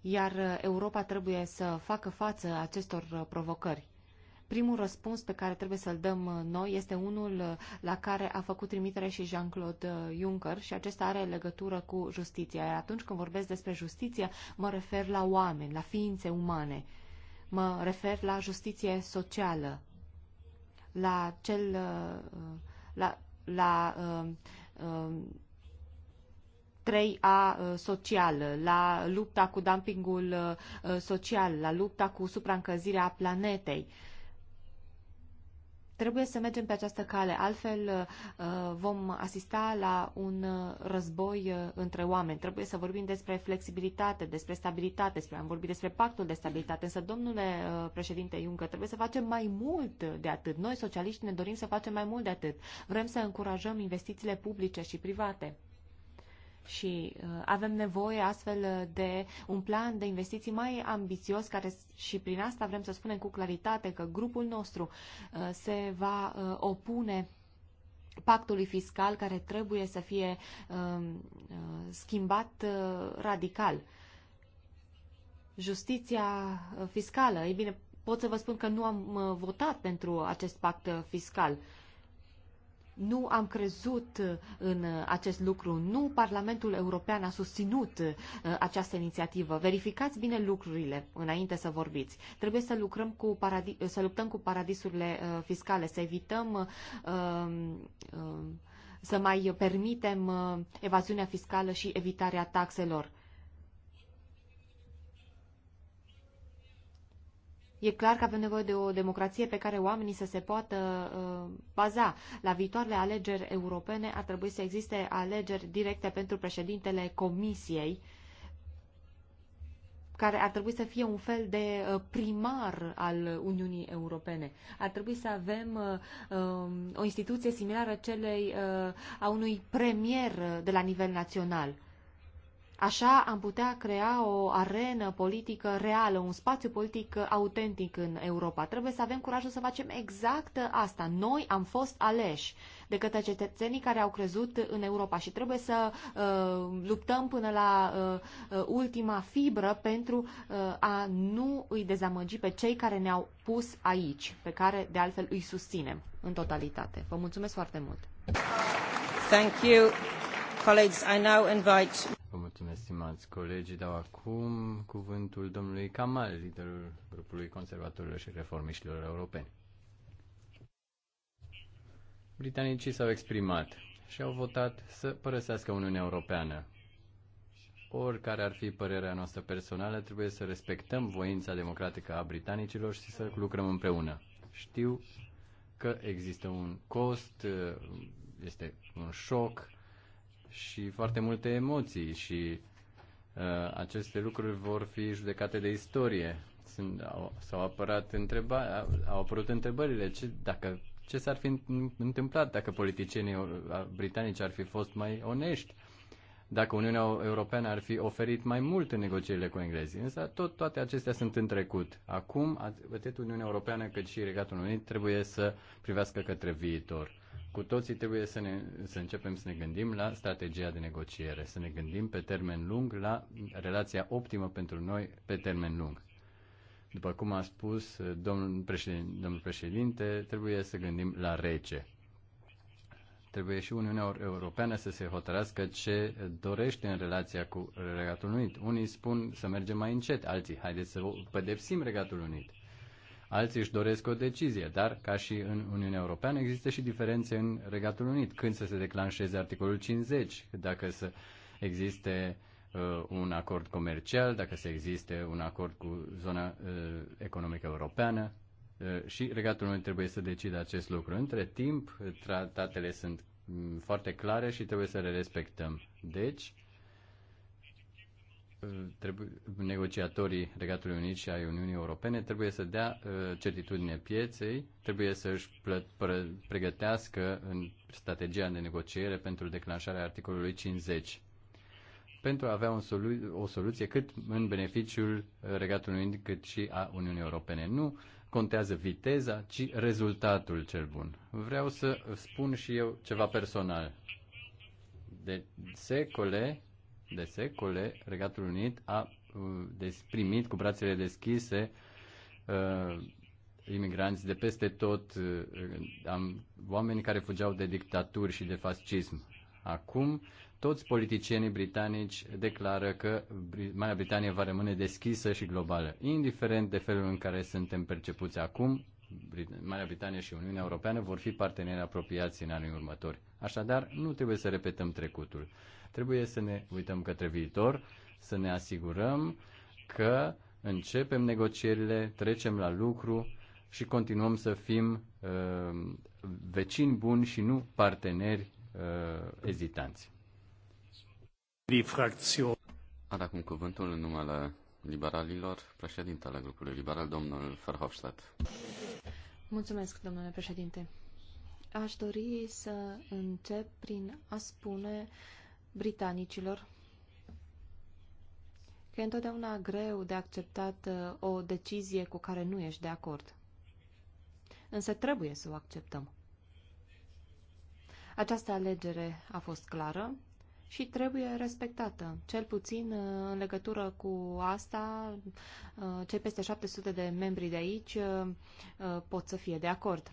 Iar uh, Europa trebuie să facă față acestor uh, provocări. Primul răspuns pe care trebuie să-l dăm noi este unul la care a făcut trimitere și Jean-Claude Juncker și acesta are legătură cu justiția. Iar atunci când vorbesc despre justiție, mă refer la oameni, la ființe umane. Mă refer la justiție socială, la cel uh, la, la uh, uh, 3A uh, social, la lupta cu dumpingul uh, social, la lupta cu supraîncălzirea planetei. Uh, Trebuie să mergem pe această cale, altfel uh, vom asista la un uh, război uh, între oameni. Trebuie să vorbim despre flexibilitate, despre stabilitate, despre, am vorbit despre pactul de stabilitate, însă, domnule președinte Juncker, trebuie să facem mai mult de atât. Noi, socialiști, ne dorim să facem mai mult de atât. Vrem să încurajăm investițiile publice și private și uh, avem nevoie astfel uh, de un plan de investiții mai ambițios care și prin asta vrem să spunem cu claritate că grupul nostru uh, se va opune pactului fiscal care trebuie să fie um, schimbat radical. Justiția fiscală, ei bine, pot să vă spun că nu am votat pentru acest pact fiscal. Uh, nu am crezut uh, în uh, acest lucru. Nu Parlamentul European a susținut uh, această inițiativă. Verificați bine lucrurile înainte să vorbiți. Trebuie să, lucrăm cu paradi- să luptăm cu paradisurile fiscale, să evităm um, să mai permitem evaziunea fiscală și evitarea taxelor. E clar că avem nevoie de o democrație pe care oamenii să se poată uh, baza. La viitoarele alegeri europene ar trebui să existe alegeri directe pentru președintele Comisiei, care ar trebui să fie un fel de uh, primar al Uniunii Europene. Ar trebui să avem uh, um, o instituție similară celei uh, a unui premier de la nivel național Așa am putea crea o arenă politică reală, un spațiu politic autentic în Europa. Trebuie să avem curajul să facem exact asta. Noi am fost aleși de către cetățenii care au crezut în Europa și trebuie să uh, luptăm până la uh, uh ultima fibră pentru uh, a nu îi dezamăgi pe cei care ne-au pus aici, pe care de altfel îi susținem în totalitate. Vă mulțumesc foarte mult! Thank you. Colleagues, I now invite Mulțumesc, stimați colegi. Dau acum cuvântul domnului Kamal, liderul grupului conservatorilor și reformiștilor europeni. Britanicii s-au exprimat și au votat să părăsească Uniunea Europeană. Oricare ar fi părerea noastră personală, trebuie să respectăm voința democratică a britanicilor și să lucrăm împreună. Știu că există un cost, este un șoc, și foarte multe emoții și uh, aceste lucruri vor fi judecate de istorie. Sunt, au, s-au apărat întreba, au apărut întrebările ce, dacă, ce s-ar fi întâmplat dacă politicienii uh, britanici ar fi fost mai onești, dacă Uniunea Europeană ar fi oferit mai mult în negocierile cu englezii. Însă tot, toate acestea sunt în trecut. Acum, atât Uniunea Europeană cât și Regatul Unit trebuie să privească către viitor cu toții trebuie să, ne, să începem să ne gândim la strategia de negociere, să ne gândim pe termen lung la relația optimă pentru noi pe termen lung. După cum a spus eh, domnul președinte, domnul președinte trebuie să gândim la rece. Trebuie și Uniunea Europeană să se hotărască ce dorește în relația cu Regatul Unit. Unii spun să mergem mai încet, alții haideți să pedepsim Regatul Unit alții își doresc o decizie, dar, ca și în Uniunea Europeană, există și diferențe în Regatul Unit. Când să se declanșeze articolul 50, dacă să existe uh, un acord comercial, dacă să existe un acord cu zona uh, economică europeană. Uh, și Regatul Unit trebuie să decide acest lucru. Între timp, tratatele sunt mm, foarte clare și trebuie să le respectăm. Deci, trebuie, negociatorii Regatului Unit și ai Uniunii Europene trebuie să dea uh, certitudine pieței, trebuie să își pregătească în strategia de negociere pentru declanșarea articolului 50 pentru a avea un solu- o soluție cât în beneficiul Regatului Unit cât și a Uniunii Europene. Nu contează viteza, ci rezultatul cel bun. Vreau să spun și eu ceva personal. De secole de secole, Regatul Unit a uh, primit cu brațele deschise uh, imigranți de peste tot, uh, am, oameni care fugeau de dictaturi și de fascism. Acum, toți politicienii britanici declară că Marea Britanie va rămâne deschisă și globală. Indiferent de felul în care suntem percepuți acum, Marea Britanie și Uniunea Europeană vor fi parteneri apropiați în anii următori. Așadar, nu trebuie să repetăm trecutul. Trebuie să ne uităm către viitor, să ne asigurăm că începem negocierile, trecem la lucru și continuăm să fim uh, vecini buni și nu parteneri uh, ezitanți. Are acum cuvântul în numele liberalilor, președintele grupului liberal, domnul Verhofstadt. Mulțumesc, domnule președinte. Aș dori să încep prin a spune uh, britanicilor că e întotdeauna greu de acceptat uh, o decizie cu care nu ești de acord. Însă trebuie să o acceptăm. Această alegere a fost clară și trebuie respectată. Cel puțin uh, în legătură cu asta, uh, cei peste 700 de membri de aici pot să fie de acord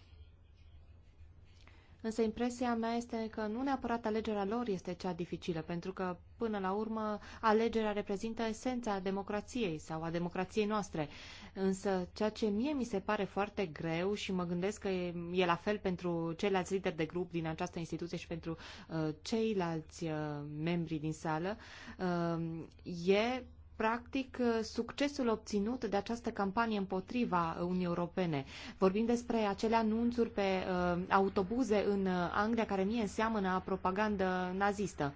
însă impresia mea este că nu neapărat alegerea lor este cea dificilă, pentru că, până la urmă, alegerea reprezintă esența democrației sau a democrației noastre. Însă, ceea ce mie mi se pare foarte greu și mă gândesc că e, e la fel pentru ceilalți lideri de grup din această instituție și pentru uh, ceilalți uh, membri din sală, uh, e practic, uh, succesul obținut de această campanie împotriva uh, Uniunii Europene. Vorbim despre acele anunțuri pe uh, autobuze în uh, Anglia care mie înseamnă propagandă nazistă.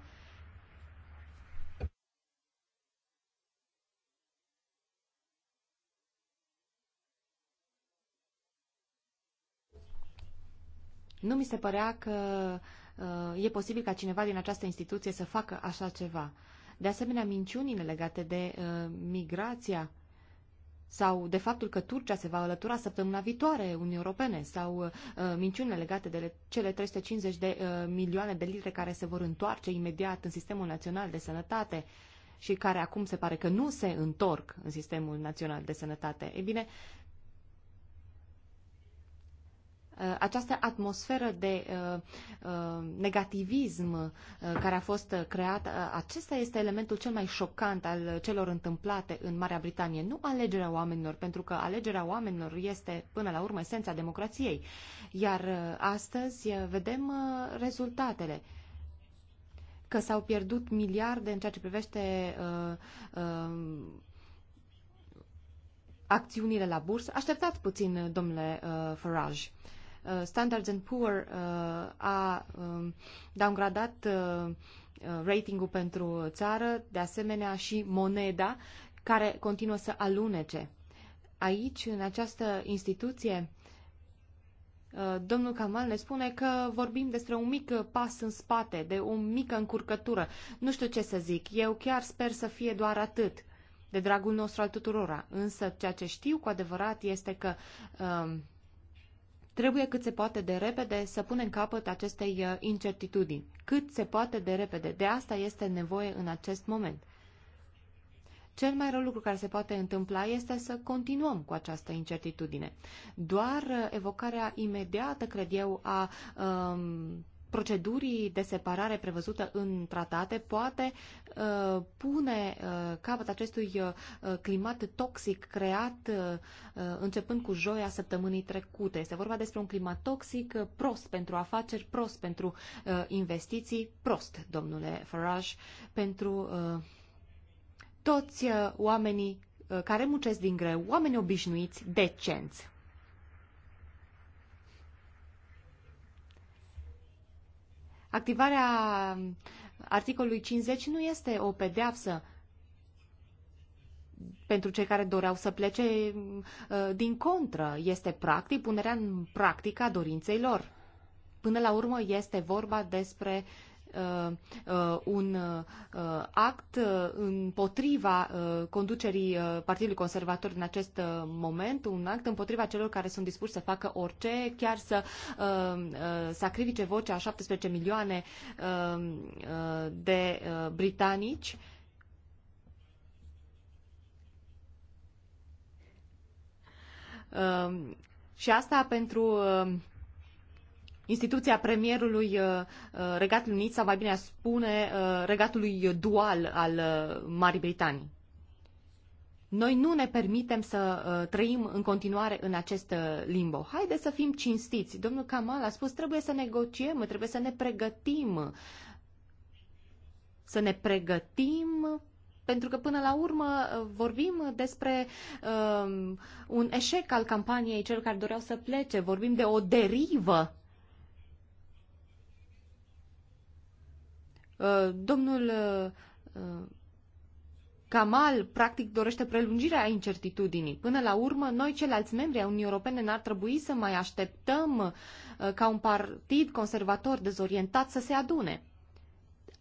Nu mi se părea că uh, e posibil ca cineva din această instituție să facă așa ceva. Uh, de asemenea, minciunile legate de uh, migrația sau de faptul că Turcia se va alătura săptămâna viitoare Uniunii Europene sau uh, minciunile legate de cele 350 de uh, milioane de litre care se vor întoarce imediat în sistemul național de sănătate și care acum se pare că nu se întorc în sistemul național de sănătate. E bine, Uh, această atmosferă de uh, uh, negativism care a fost creată, acesta este elementul cel mai șocant al celor întâmplate în Marea Britanie. Nu alegerea oamenilor, pentru că alegerea oamenilor este până la urmă esența democrației. Iar astăzi vedem rezultatele că s-au pierdut miliarde în ceea ce privește uh, uh, acțiunile la bursă. Așteptați puțin, domnule uh, Farage. Uh, Uh, Standards and Poor uh, a um, downgradat uh, ratingul pentru țară, de asemenea și moneda, care continuă să alunece. Aici, în această instituție, domnul Kamal ne spune că vorbim despre un mic pas în spate, de o mică încurcătură. Nu știu ce să zic, eu chiar sper să fie doar atât, de dragul nostru al tuturora. Însă ceea ce știu cu adevărat este că uh, Trebuie cât se poate de repede să punem capăt acestei uh, incertitudini. Cât se poate de repede. De asta este nevoie în acest moment. Cel mai rău lucru care se poate întâmpla este să continuăm cu această incertitudine. Doar uh, evocarea imediată, cred eu, a um, procedurii de separare prevăzută în tratate poate uh, pune uh, capăt acestui uh, climat toxic creat uh, uh, începând cu joia săptămânii trecute. Este vorba despre un climat toxic uh, prost pentru afaceri, prost pentru investiții, prost, domnule Farage, pentru toți oamenii care muncesc din greu, oameni obișnuiți, decenți. Activarea articolului 50 nu este o pedeapsă pentru cei care doreau să plece uh, din contră. Este practic punerea în practică a dorinței lor. Până la urmă este vorba despre uh, Uh, uh, un uh, act împotriva conducerii Partidului Conservator în acest moment, un act împotriva celor care sunt dispuși să facă orice, chiar să sacrifice vocea a 17 milioane de britanici. Um, și asta pentru instituția premierului uh, uh, Regatului Unit, sau mai bine a spune uh, Regatului Dual al Marii Britanii. Noi nu ne permitem să trăim în continuare în acest limbo. Haideți să fim cinstiți. Domnul Kamal a spus, trebuie să negociem, trebuie să ne pregătim. Să ne pregătim pentru că până la urmă vorbim despre um, un eșec al campaniei celor care doreau să plece, vorbim de o derivă Uh, domnul uh, uh, Kamal, practic, dorește prelungirea incertitudinii. Până la urmă, noi, ceilalți membri ai Uniunii Europene, n-ar trebui să mai așteptăm ca un partid conservator dezorientat să se adune.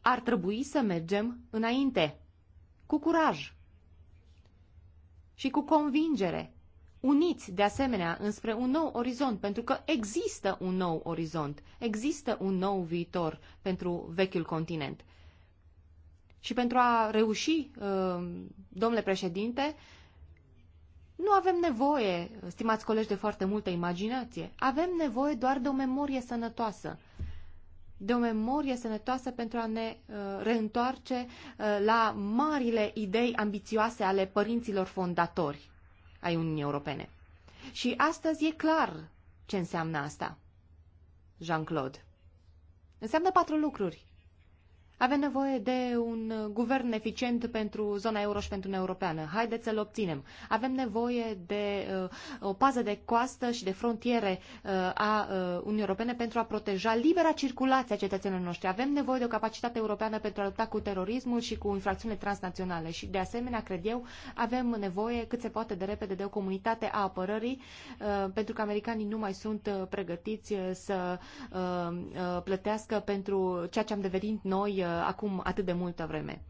Ar trebui să mergem înainte, cu curaj și cu convingere, uniți de asemenea înspre un nou orizont, pentru că există un nou orizont, există un nou viitor pentru vechiul continent. Și pentru a reuși, uh, domnule președinte, nu avem nevoie, stimați colegi, de foarte multă imaginație. Avem nevoie doar de o memorie sănătoasă. De o memorie sănătoasă pentru a ne uh, reîntoarce uh, la marile idei ambițioase ale părinților fondatori ai Uniunii Europene. Și astăzi e clar ce înseamnă asta, Jean-Claude. Înseamnă patru lucruri. Avem nevoie de un guvern eficient pentru zona euro și pentru Uniunea Europeană. Haideți să-l obținem. Avem nevoie de uh, o pază de coastă și de frontiere uh, a uh, Uniunii Europene pentru a proteja libera circulație a cetățenilor noștri. Avem nevoie de o capacitate europeană pentru a lupta cu terorismul și cu infracțiunile transnaționale și, de asemenea, cred eu, avem nevoie cât se poate de repede de o comunitate a apărării uh, pentru că americanii nu mai sunt uh, pregătiți uh, să uh, uh, plătească pentru ceea ce am devenit noi Uh, acum atât de multă vreme.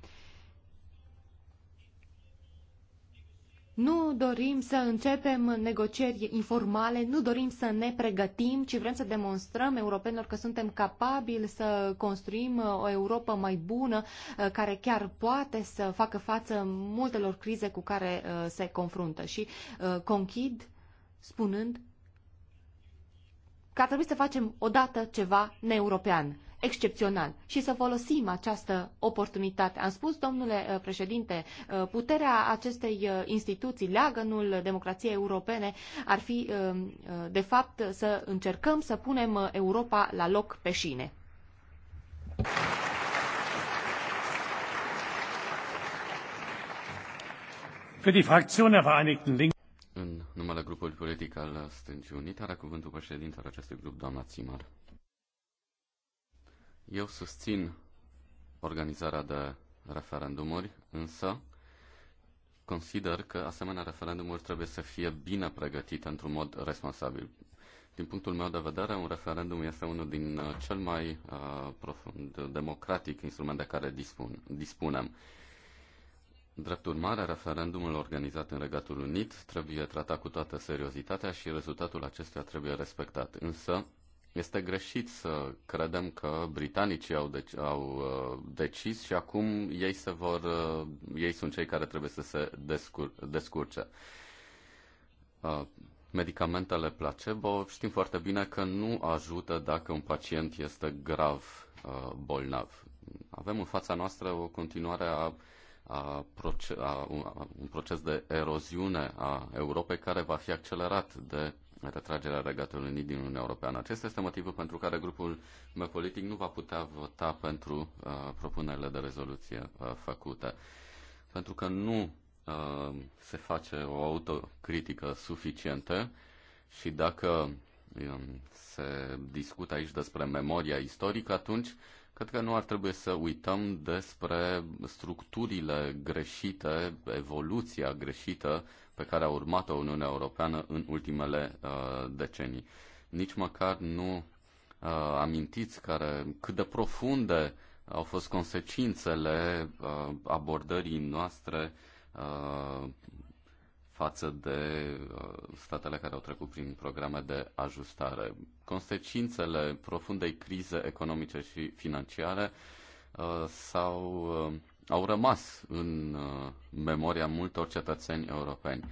Nu dorim să începem negocieri informale, nu dorim să ne pregătim, ci vrem să demonstrăm europenilor că suntem capabili să construim o Europa mai bună, uh, care chiar poate să facă față multelor crize cu care uh, se confruntă. Și conchid spunând că ar trebui să facem odată ceva neeuropean, excepțional și să folosim această oportunitate. Am spus, domnule uh, președinte, uh, puterea acestei uh, instituții, leagănul democrației europene, ar fi, de fapt, să încercăm să punem Europa la loc pe șine. Für die Fraktion der Vereinigten Linken în numele grupului politic al Stângii Unite are cuvântul al acestui grup, doamna Țimar. Eu susțin organizarea de referendumuri, însă consider că asemenea referendumuri trebuie să fie bine pregătite într-un mod responsabil. Din punctul meu de vedere, un referendum este unul din uh, cel mai uh, profund democratic instrument de care dispun, dispunem. Drept urmare, referendumul organizat în Regatul Unit trebuie tratat cu toată seriozitatea și rezultatul acestuia trebuie respectat. Însă, este greșit să credem că britanicii au, deci, au uh, decis și acum ei se vor, uh, ei sunt cei care trebuie să se descur- descurce. Uh, medicamentele placebo știm foarte bine că nu ajută dacă un pacient este grav bolnav. Avem în fața noastră o continuare a a, a, a un proces de eroziune a Europei care va fi accelerat de retragerea Regatului Unit din Uniunea Europeană. Acesta este motivul pentru care grupul meu politic nu va putea vota pentru a, uh, propunerile de rezoluție a, uh, făcute. Pentru că nu a, uh, se face o autocritică suficientă și dacă um, se discută aici despre memoria istorică, atunci Cred că nu ar trebui să uităm despre structurile greșite, evoluția greșită pe care a urmat-o Uniunea Europeană în ultimele uh, decenii. Nici măcar nu uh, amintiți care, cât de profunde au fost consecințele uh, abordării noastre uh, față de uh, statele care au trecut prin programe de ajustare. Consecințele profundei crize economice și financiare uh, s-au, uh, au rămas în memoria multor cetățeni europeni.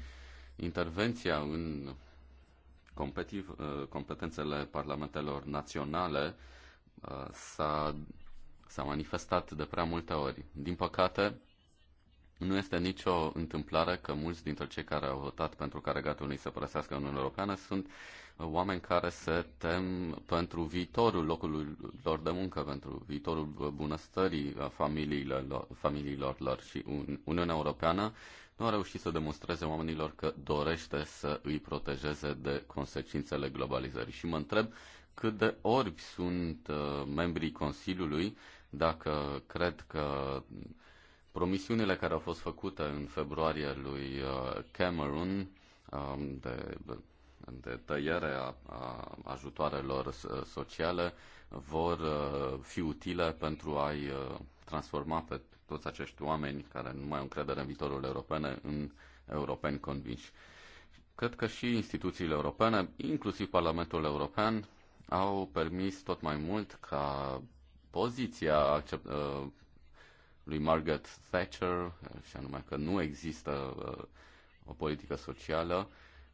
Intervenția în competitiv, competențele parlamentelor naționale s-a, s-a manifestat de prea multe ori. Din păcate, nu este nicio întâmplare că mulți dintre cei care au votat pentru ca Regatul Unii să părăsească Uniunea Europeană sunt uh, oameni care se tem pentru viitorul locului lor de muncă, pentru viitorul uh, bunăstării uh, familiilor, lor, familiilor lor și Uniunea Europeană nu a reușit să demonstreze oamenilor că dorește să îi protejeze de consecințele globalizării. Și mă întreb cât de orbi sunt membrii Consiliului dacă cred că Promisiunile care au fost făcute în februarie lui uh, Cameron um, de, de tăiere a, a ajutoarelor uh, sociale vor uh, fi utile pentru a-i transforma pe toți acești oameni care nu mai au încredere în viitorul europene în europeni convinși. Cred că și instituțiile europene, inclusiv Parlamentul European, au permis tot mai mult ca poziția accept, lui Margaret Thatcher, și anume că nu există uh, o politică socială,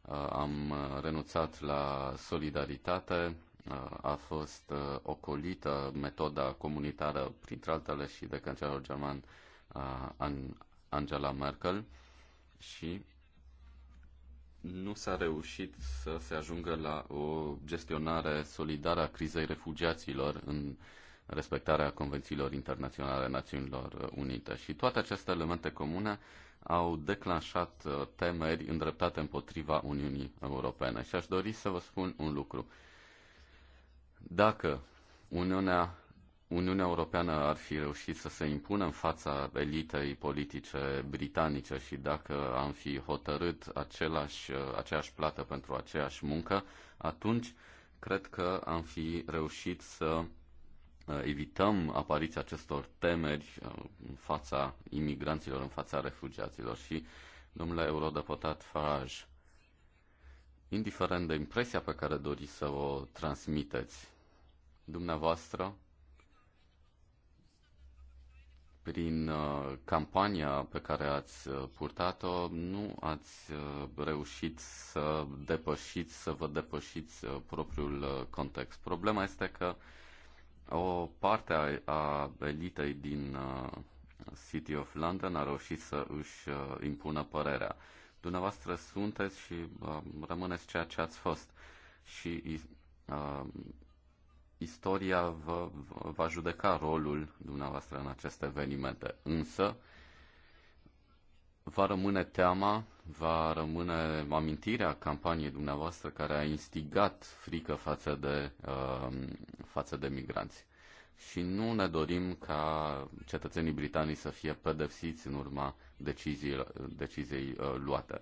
uh, am uh, renunțat la solidaritate, a fost ocolită metoda comunitară, printre altele, și de cancelarul german Angela Merkel și nu s-a reușit să se ajungă la o gestionare solidară a crizei refugiaților în respectarea convențiilor internaționale Națiunilor Unite. Și toate aceste elemente comune au declanșat uh, temeri îndreptate împotriva Uniunii Europene. Și aș dori să vă spun un lucru. Dacă Uniunea, Uniunea Europeană ar fi reușit să se impună în fața elitei politice britanice și dacă am fi hotărât același, uh, aceeași plată pentru aceeași muncă, atunci cred că am fi reușit să Uh, evităm apariția acestor temeri uh, în fața imigranților, în fața refugiaților. Și, domnule eurodeputat Faraj, indiferent de impresia pe care doriți să o transmiteți, dumneavoastră, prin uh, campania pe care ați purtat-o, nu ați reușit să depășiți, să vă depășiți propriul context. Problema este că o parte a, a elitei din uh, City of London a reușit să își uh, impună părerea. Dumneavoastră sunteți și uh, rămâneți ceea ce ați fost. Și uh, istoria vă, va judeca rolul dumneavoastră în aceste evenimente. Însă, uh, va rămâne teama, va rămâne amintirea campaniei dumneavoastră care a instigat frică față de, uh, față de migranți. Și nu ne dorim ca cetățenii britanici să fie pedepsiți în urma deciziei, deciziei uh, luate.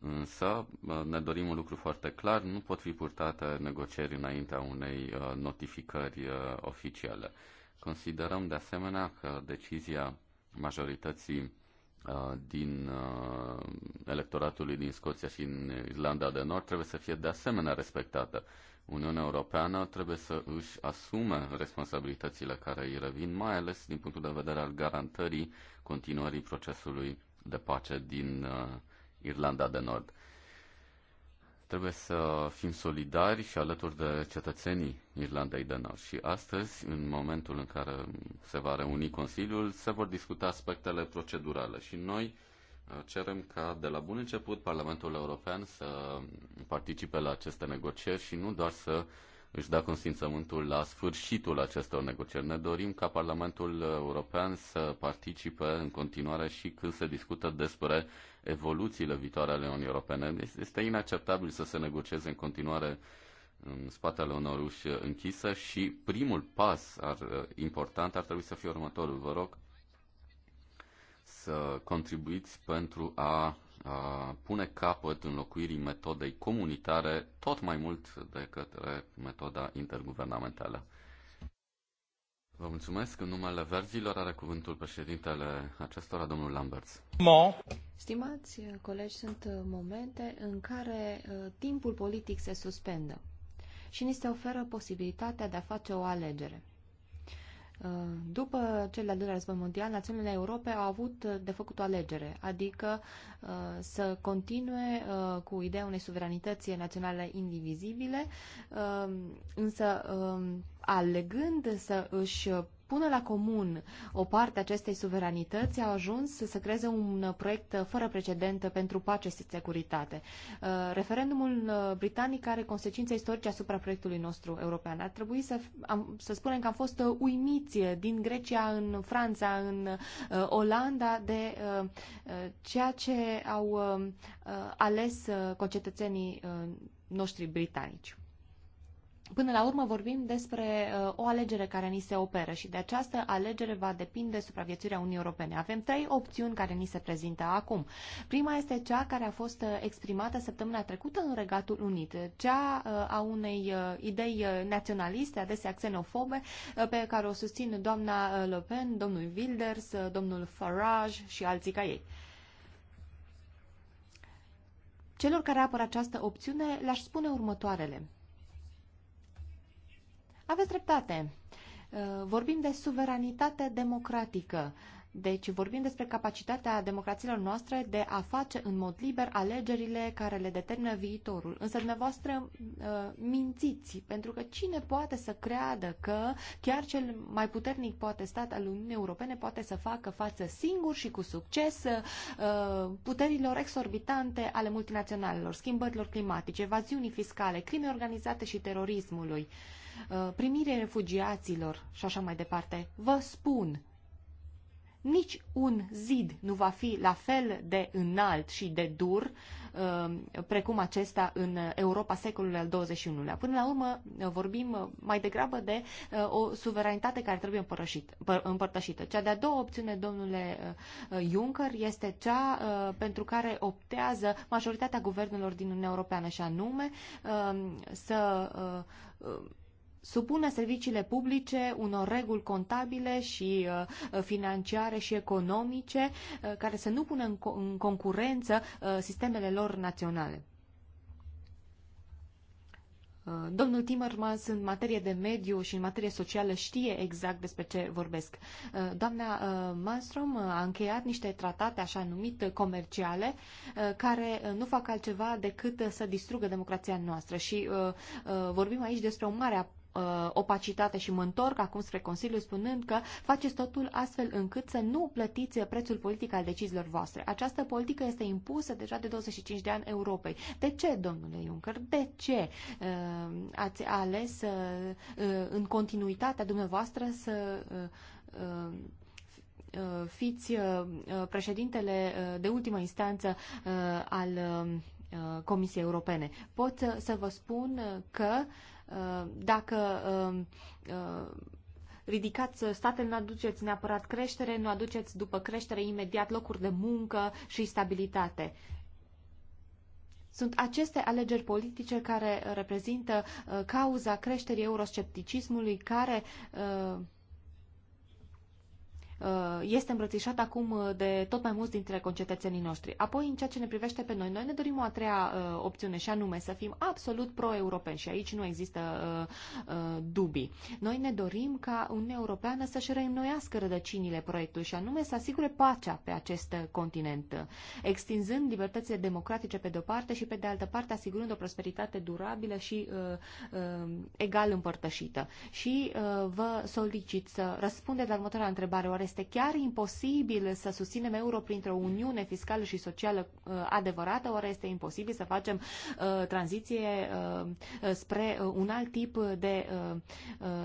Însă uh, ne dorim un lucru foarte clar, nu pot fi purtate negocieri înaintea unei uh, notificări uh, oficiale. Considerăm de asemenea că decizia majorității Uh, din uh, electoratului din Scoția și în Irlanda de Nord trebuie să fie de asemenea respectată. Uniunea Europeană trebuie să își asume responsabilitățile care îi revin, mai ales din punctul de vedere al garantării continuării procesului de pace din uh, Irlanda de Nord. Trebuie să fim solidari și alături de cetățenii Irlandei de Nord. Și astăzi, în momentul în care se va reuni Consiliul, se vor discuta aspectele procedurale și noi uh, cerem ca de la bun început Parlamentul European să participe la aceste negocieri și nu doar să își dea consimțământul la sfârșitul acestor negocieri. Ne dorim ca Parlamentul European să participe în continuare și când se discută despre evoluțiile viitoare ale Uniunii Europene. Este inacceptabil să se negocieze în continuare în spatele unor uși închise și primul pas ar, eh, important ar trebui să fie următorul. Vă rog să contribuiți pentru a, a pune capăt înlocuirii metodei comunitare tot mai mult de către metoda interguvernamentală. Vă mulțumesc. În numele verzilor are cuvântul președintele acestora, domnul Lamberts. Mo. Stimați uh, colegi, sunt uh, momente în care uh, timpul politic se suspendă și ni se oferă posibilitatea de a face o alegere. Uh, după cel de-al doilea război mondial, națiunile Europei au avut de făcut o alegere, adică să continue cu ideea unei suveranități naționale indivizibile, însă um, alegând să își pună la comun o parte acestei suveranități, au ajuns să creeze un proiect fără precedent pentru pace și securitate. Uh, referendumul uh, britanic are consecințe istorice asupra proiectului nostru european. Ar trebui să, am, să spunem că am fost uh, uimiți din Grecia în Franța, în Olanda, de ceea ce au ales concetățenii noștri britanici. Până la urmă vorbim despre uh, o alegere care ni se operă și de această alegere va depinde supraviețuirea Uniunii Europene. Avem trei opțiuni care ni se prezintă acum. Prima este cea care a fost uh, exprimată săptămâna trecută în Regatul Unit, cea uh, a unei uh, idei uh, naționaliste, adesea xenofobe, uh, pe care o susțin doamna uh, Le Pen, domnul Wilders, uh, domnul Farage și alții ca ei. Celor care apără această opțiune le-aș spune următoarele. Aveți dreptate. Uh, vorbim de suveranitate democratică. Deci vorbim despre capacitatea democrațiilor noastre de a face în mod liber alegerile care le determină viitorul. Însă dumneavoastră uh, mințiți, pentru că cine poate să creadă că chiar cel mai puternic poate stat al Uniunii Europene poate să facă față singur și cu succes uh, puterilor exorbitante ale multinaționalelor, schimbărilor climatice, evaziunii fiscale, crime organizate și terorismului. Uh, primire refugiaților și așa mai departe. Vă spun, nici un zid nu va fi la fel de înalt și de dur uh, precum acesta în Europa secolului al XXI-lea. Până la urmă uh, vorbim mai degrabă de o suveranitate care trebuie împărtășită. Cea de-a doua opțiune, domnule Juncker, este cea pentru care optează majoritatea guvernelor din Uniunea Europeană și anume să supune serviciile publice unor reguli contabile și uh, financiare și economice uh, care să nu pună în concurență uh, sistemele lor naționale. Domnul Timmermans în materie de mediu și în materie socială știe exact despre ce vorbesc. Doamna Malmström a încheiat niște tratate așa numit comerciale care nu fac altceva decât să distrugă democrația noastră și vorbim aici despre un mare uh, opacitate și mă întorc acum spre Consiliu spunând că faceți totul astfel încât să nu plătiți prețul politic al deciziilor voastre. Această politică este impusă deja de 25 de ani Europei. De ce, domnule Juncker? De ce uh, ați ales uh, uh în continuitatea dumneavoastră să uh, uh, uh fiți uh, președintele de ultimă instanță al Comisiei Europene. Pot să vă spun că dacă um, uh, ridicați statele, nu aduceți neapărat creștere, nu aduceți după creștere imediat locuri de muncă și stabilitate. Sunt aceste alegeri politice care reprezintă uh, cauza creșterii euroscepticismului, care uh, Uh, este îmbrățișat acum uh, de tot mai mulți dintre concetățenii noștri. Apoi, în ceea ce ne privește pe noi, noi ne dorim o a treia uh, opțiune și anume să fim absolut pro-europeni și aici nu există uh, uh, dubii. Noi ne dorim ca Uniunea Europeană să-și reînnoiască rădăcinile proiectului și anume să asigure pacea pe acest continent, extinzând libertățile democratice pe de-o parte și pe de altă parte asigurând o prosperitate durabilă și uh, uh, egal împărtășită. Și uh, vă solicit să răspundeți la următoarea întrebare. Oare este chiar imposibil să susținem euro printr-o uniune fiscală și socială uh, adevărată, oare este imposibil să facem uh, tranziție uh, spre un alt tip de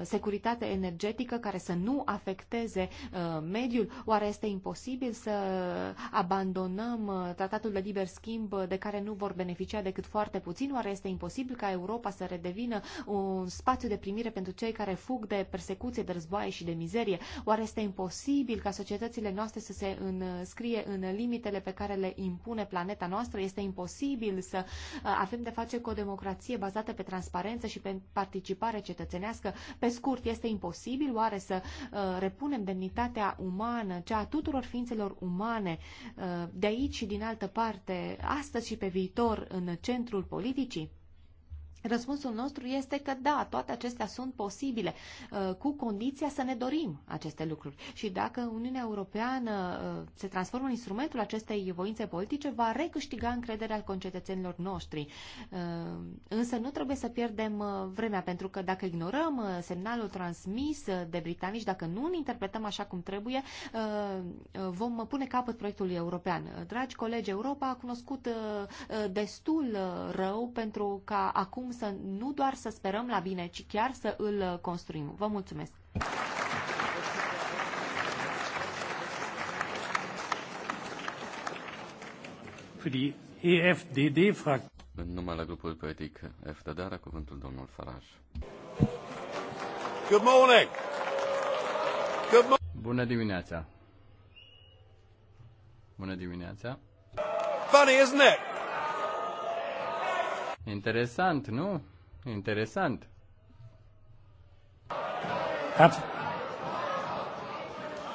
securitate energetică care să nu afecteze mediul? Oare este imposibil să abandonăm tratatul de liber schimb de care nu vor beneficia decât foarte puțin? Oare este imposibil ca Europa să redevină un spațiu de primire pentru cei care fug de persecuție, de războaie și de mizerie? Oare este imposibil imposibil ca societățile noastre să se înscrie în limitele pe care le impune planeta noastră. Este imposibil să uh, avem de face cu o democrație bazată pe transparență și pe participare cetățenească. Pe scurt, este imposibil oare să uh, repunem demnitatea umană, cea a tuturor ființelor umane, uh, de aici și din altă parte, astăzi și pe viitor, în centrul politicii? Răspunsul nostru este că da, toate acestea sunt posibile, uh, cu condiția să ne dorim aceste lucruri. Și dacă Uniunea Europeană uh, se transformă în instrumentul acestei voințe politice, va recâștiga încrederea concetățenilor noștri. Uh, însă nu trebuie să pierdem vremea, pentru că dacă ignorăm semnalul transmis de britanici, dacă nu îl interpretăm așa cum trebuie, vom pune capăt proiectului european. Dragi colegi, Europa a cunoscut destul rău pentru ca acum să nu doar să sperăm la bine, ci chiar să îl uh, construim. Vă mulțumesc! În numele grupului politic FDD are cuvântul domnul Faraj. Good morning. Good mo- Bună dimineața. Bună dimineața. Funny, isn't it? Interesant, nu? Interesant.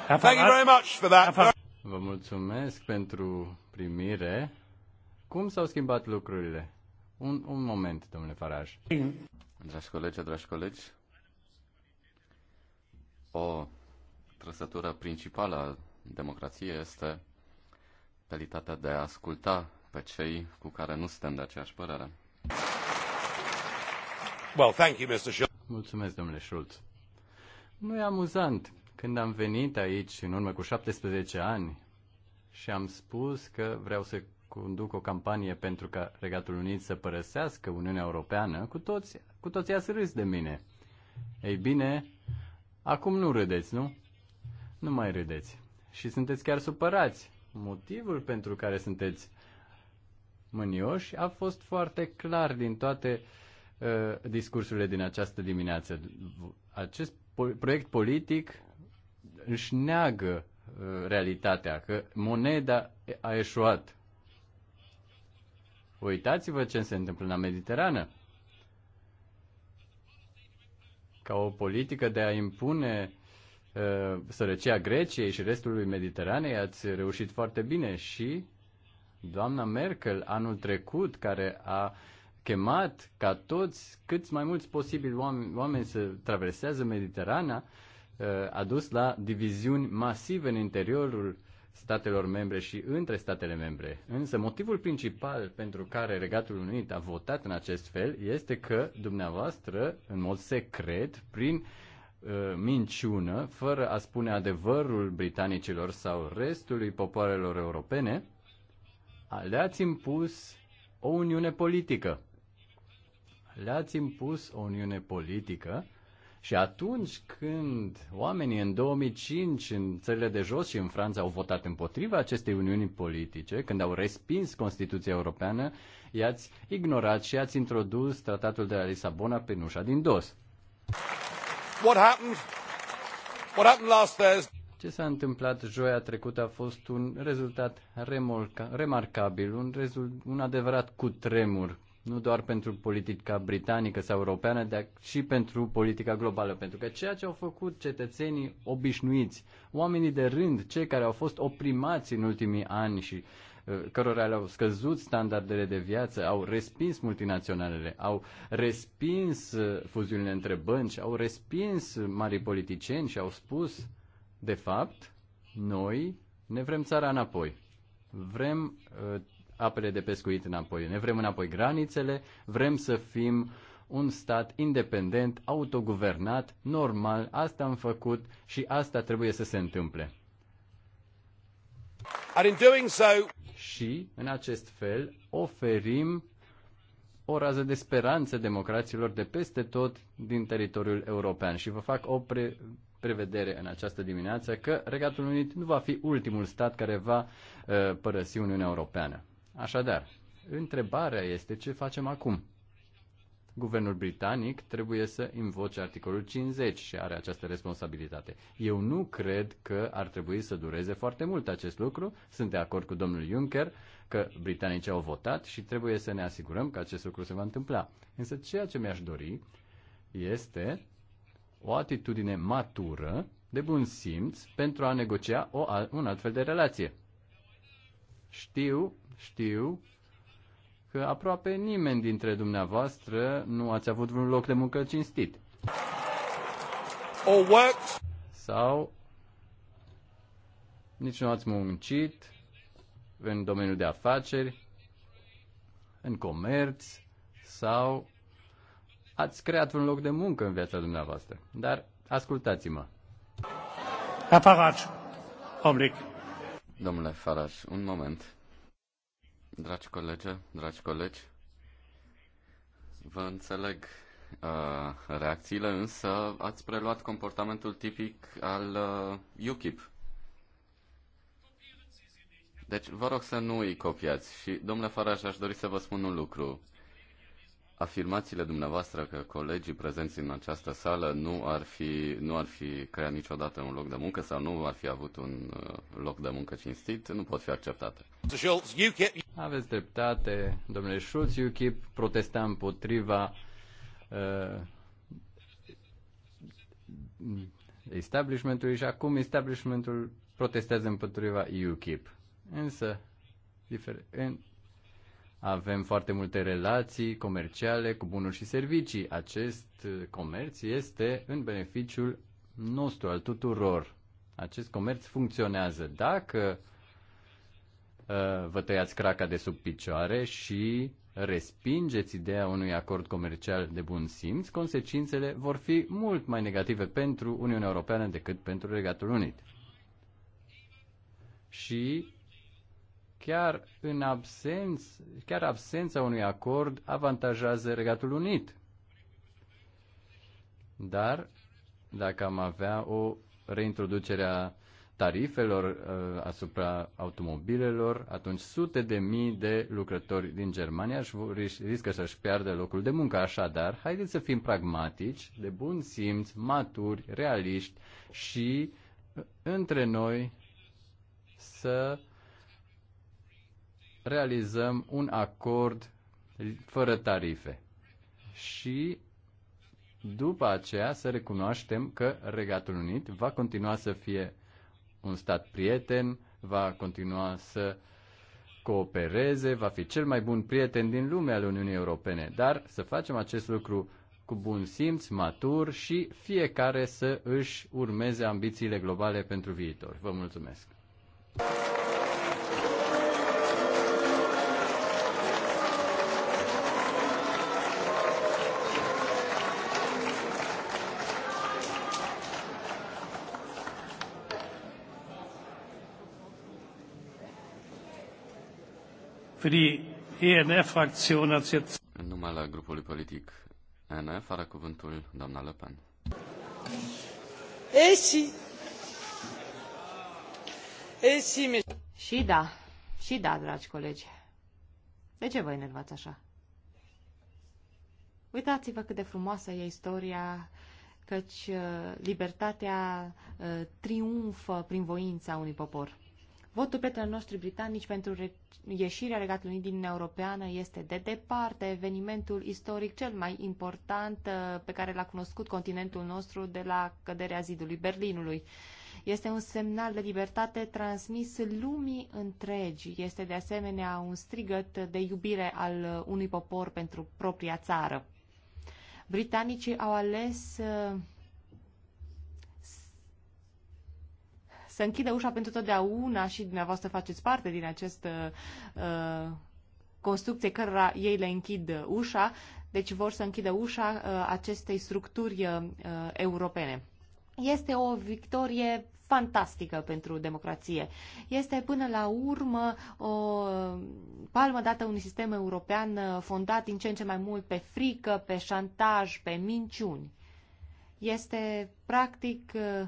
Thank you very much for that. Vă mulțumesc pentru primire. Cum s-au schimbat lucrurile? Un, un moment, domnule Faraj. Dragi colegi, dragi colegi, o trăsătură principală a democrației este calitatea de a asculta pe cei cu care nu suntem de aceeași părere. Mulțumesc, domnule Schulz. Nu e amuzant când am venit aici în urmă cu 17 ani și am spus că vreau să conduc o campanie pentru ca Regatul Unit să părăsească Uniunea Europeană, cu toți, cu toți ați râs de mine. Ei bine, acum nu râdeți, nu? Nu mai râdeți. Și sunteți chiar supărați. Motivul pentru care sunteți mânioși a fost foarte clar din toate uh, Uh, discursurile din această dimineață. Acest proiect politic își neagă uh, realitatea, că moneda a eșuat. Uitați-vă ce se întâmplă la Mediterană. Ca o politică de a impune uh, sărăcia Greciei și restului Mediteranei ați reușit foarte bine și doamna Merkel anul trecut, care a uh, chemat ca toți, câți mai mulți posibil oameni, oameni să traversează Mediterana, uh, a dus la diviziuni masive în interiorul statelor membre și între statele membre. Însă motivul principal pentru care Regatul Unit a votat în acest fel este că dumneavoastră, în mod secret, prin uh, minciună, fără a spune adevărul britanicilor sau restului popoarelor europene, le-ați impus o uniune politică le-ați impus o uniune politică și atunci când oamenii în 2005 în țările de jos și în Franța au votat împotriva acestei uniuni politice, când au respins Constituția Europeană, i-ați ignorat și ați introdus tratatul de la Lisabona pe nușa din dos. What happened? What happened last Thursday? Ce s-a întâmplat joia trecută a fost un rezultat remolca, remarcabil, un, rezult, un adevărat cutremur nu doar pentru politica britanică sau europeană, dar și pentru politica globală. Pentru că ceea ce au făcut cetățenii obișnuiți, oamenii de rând, cei care au fost oprimați în ultimii ani și uh, cărora le-au scăzut standardele de viață, au respins multinaționalele, au respins uh, fuziunile între bănci, au respins mari politicieni și au spus, de fapt, noi ne vrem țara înapoi. Vrem uh, apele de pescuit înapoi. Ne vrem înapoi granițele, vrem să fim un stat independent, autoguvernat, normal. Asta am făcut și asta trebuie să se întâmple. And in doing so... Și, în acest fel, oferim o rază de speranță democraților de peste tot din teritoriul european. Și vă fac o pre- prevedere în această dimineață că Regatul Unit nu va fi ultimul stat care va uh, părăsi Uniunea Europeană. Așadar, întrebarea este ce facem acum. Guvernul britanic trebuie să invoce articolul 50 și are această responsabilitate. Eu nu cred că ar trebui să dureze foarte mult acest lucru. Sunt de acord cu domnul Juncker că britanicii au votat și trebuie să ne asigurăm că acest lucru se va întâmpla. Însă ceea ce mi-aș dori este o atitudine matură, de bun simț, pentru a negocia o, un alt fel de relație. Știu, știu că aproape nimeni dintre dumneavoastră nu ați avut vreun loc de muncă cinstit. Or Sau nici nu ați muncit în domeniul de afaceri, în comerț sau ați creat un loc de muncă în viața dumneavoastră. Dar ascultați-mă. Aparat. Oblic. Domnule Faraș, un moment. Dragi colegi, dragi colegi, vă înțeleg uh, reacțiile, însă ați preluat comportamentul tipic al uh, UKIP. Deci vă rog să nu îi copiați și, domnule Faraș, aș dori să vă spun un lucru afirmațiile dumneavoastră că colegii prezenți în această sală nu ar fi, nu ar fi creat niciodată un loc de muncă sau nu ar fi avut un uh, loc de muncă cinstit nu pot fi acceptate. Aveți dreptate, domnule Schulz, UKIP protesta împotriva uh, establishmentului și acum establishmentul protestează împotriva UKIP. Însă, difer- în, avem foarte multe relații comerciale cu bunuri și servicii. Acest uh, comerț este în beneficiul nostru, al tuturor. Acest comerț funcționează. Dacă uh, vă tăiați craca de sub picioare și respingeți ideea unui acord comercial de bun simț, consecințele vor fi mult mai negative pentru Uniunea Europeană decât pentru Regatul Unit. Și Chiar, în absenț, chiar absența unui acord avantajează Regatul Unit. Dar dacă am avea o reintroducere a tarifelor uh, asupra automobilelor, atunci sute de mii de lucrători din Germania își riscă să-și piardă locul de muncă. Așadar, haideți să fim pragmatici, de bun simț, maturi, realiști și uh, între noi să uh, realizăm un acord fără tarife și după aceea să recunoaștem că Regatul Unit va continua să fie un stat prieten, va continua să coopereze, va fi cel mai bun prieten din lume al Uniunii Europene, dar să facem acest lucru cu bun simț, matur și fiecare să își urmeze ambițiile globale pentru viitor. Vă mulțumesc! În numele grupului politic NF are cuvântul doamna Le Pen. Eh, eh, și da, și da, dragi colegi. De ce vă enervați așa? Uitați-vă cât de frumoasă e istoria, căci eh, libertatea triumfă prin voința unui popor. Votul prietenilor noștri britanici pentru ieșirea Regatului Unit din Uniunea Europeană este de departe evenimentul istoric cel mai important uh, pe care l-a cunoscut continentul nostru de la căderea zidului Berlinului. Este un semnal de libertate transmis lumii întregi. Este de asemenea un strigăt de iubire al uh, unui popor pentru propria țară. Britanicii au ales uh, se închide ușa pentru totdeauna și dumneavoastră faceți parte din această uh, construcție cărora ei le închid ușa, deci vor să închidă ușa uh, acestei structuri uh, europene. Este o victorie fantastică pentru democrație. Este până la urmă o palmă dată unui sistem european uh, fondat din ce în ce mai mult pe frică, pe șantaj, pe minciuni. Este practic uh,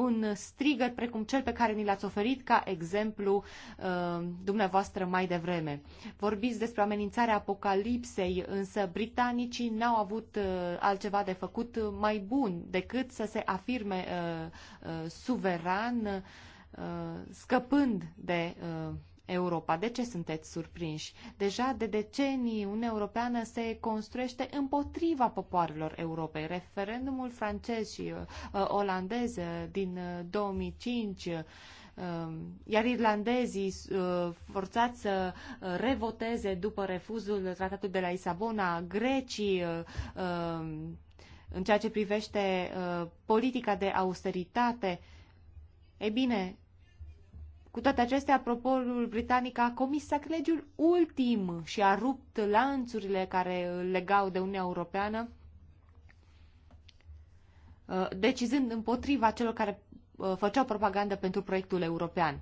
un strigăt precum cel pe care ni l-ați oferit ca exemplu uh, dumneavoastră mai devreme. Vorbiți despre amenințarea apocalipsei, însă britanicii n-au avut uh, altceva de făcut mai bun decât să se afirme uh, suveran, scăpând de Europa. De ce sunteți surprinși? Deja de decenii Uniunea Europeană se construiește împotriva popoarelor Europei. Referendumul francez și uh, uh olandez uh, din 2005 uh, um, iar irlandezii forțați să revoteze după refuzul tratatului de la Lisabona, grecii um, în ceea ce privește politica de austeritate, e bine, cu toate acestea, proporul britanic a comis sacrilegiul ultim și a rupt lanțurile care legau de Uniunea Europeană, uh, decizând împotriva celor care uh, făceau propagandă pentru proiectul european.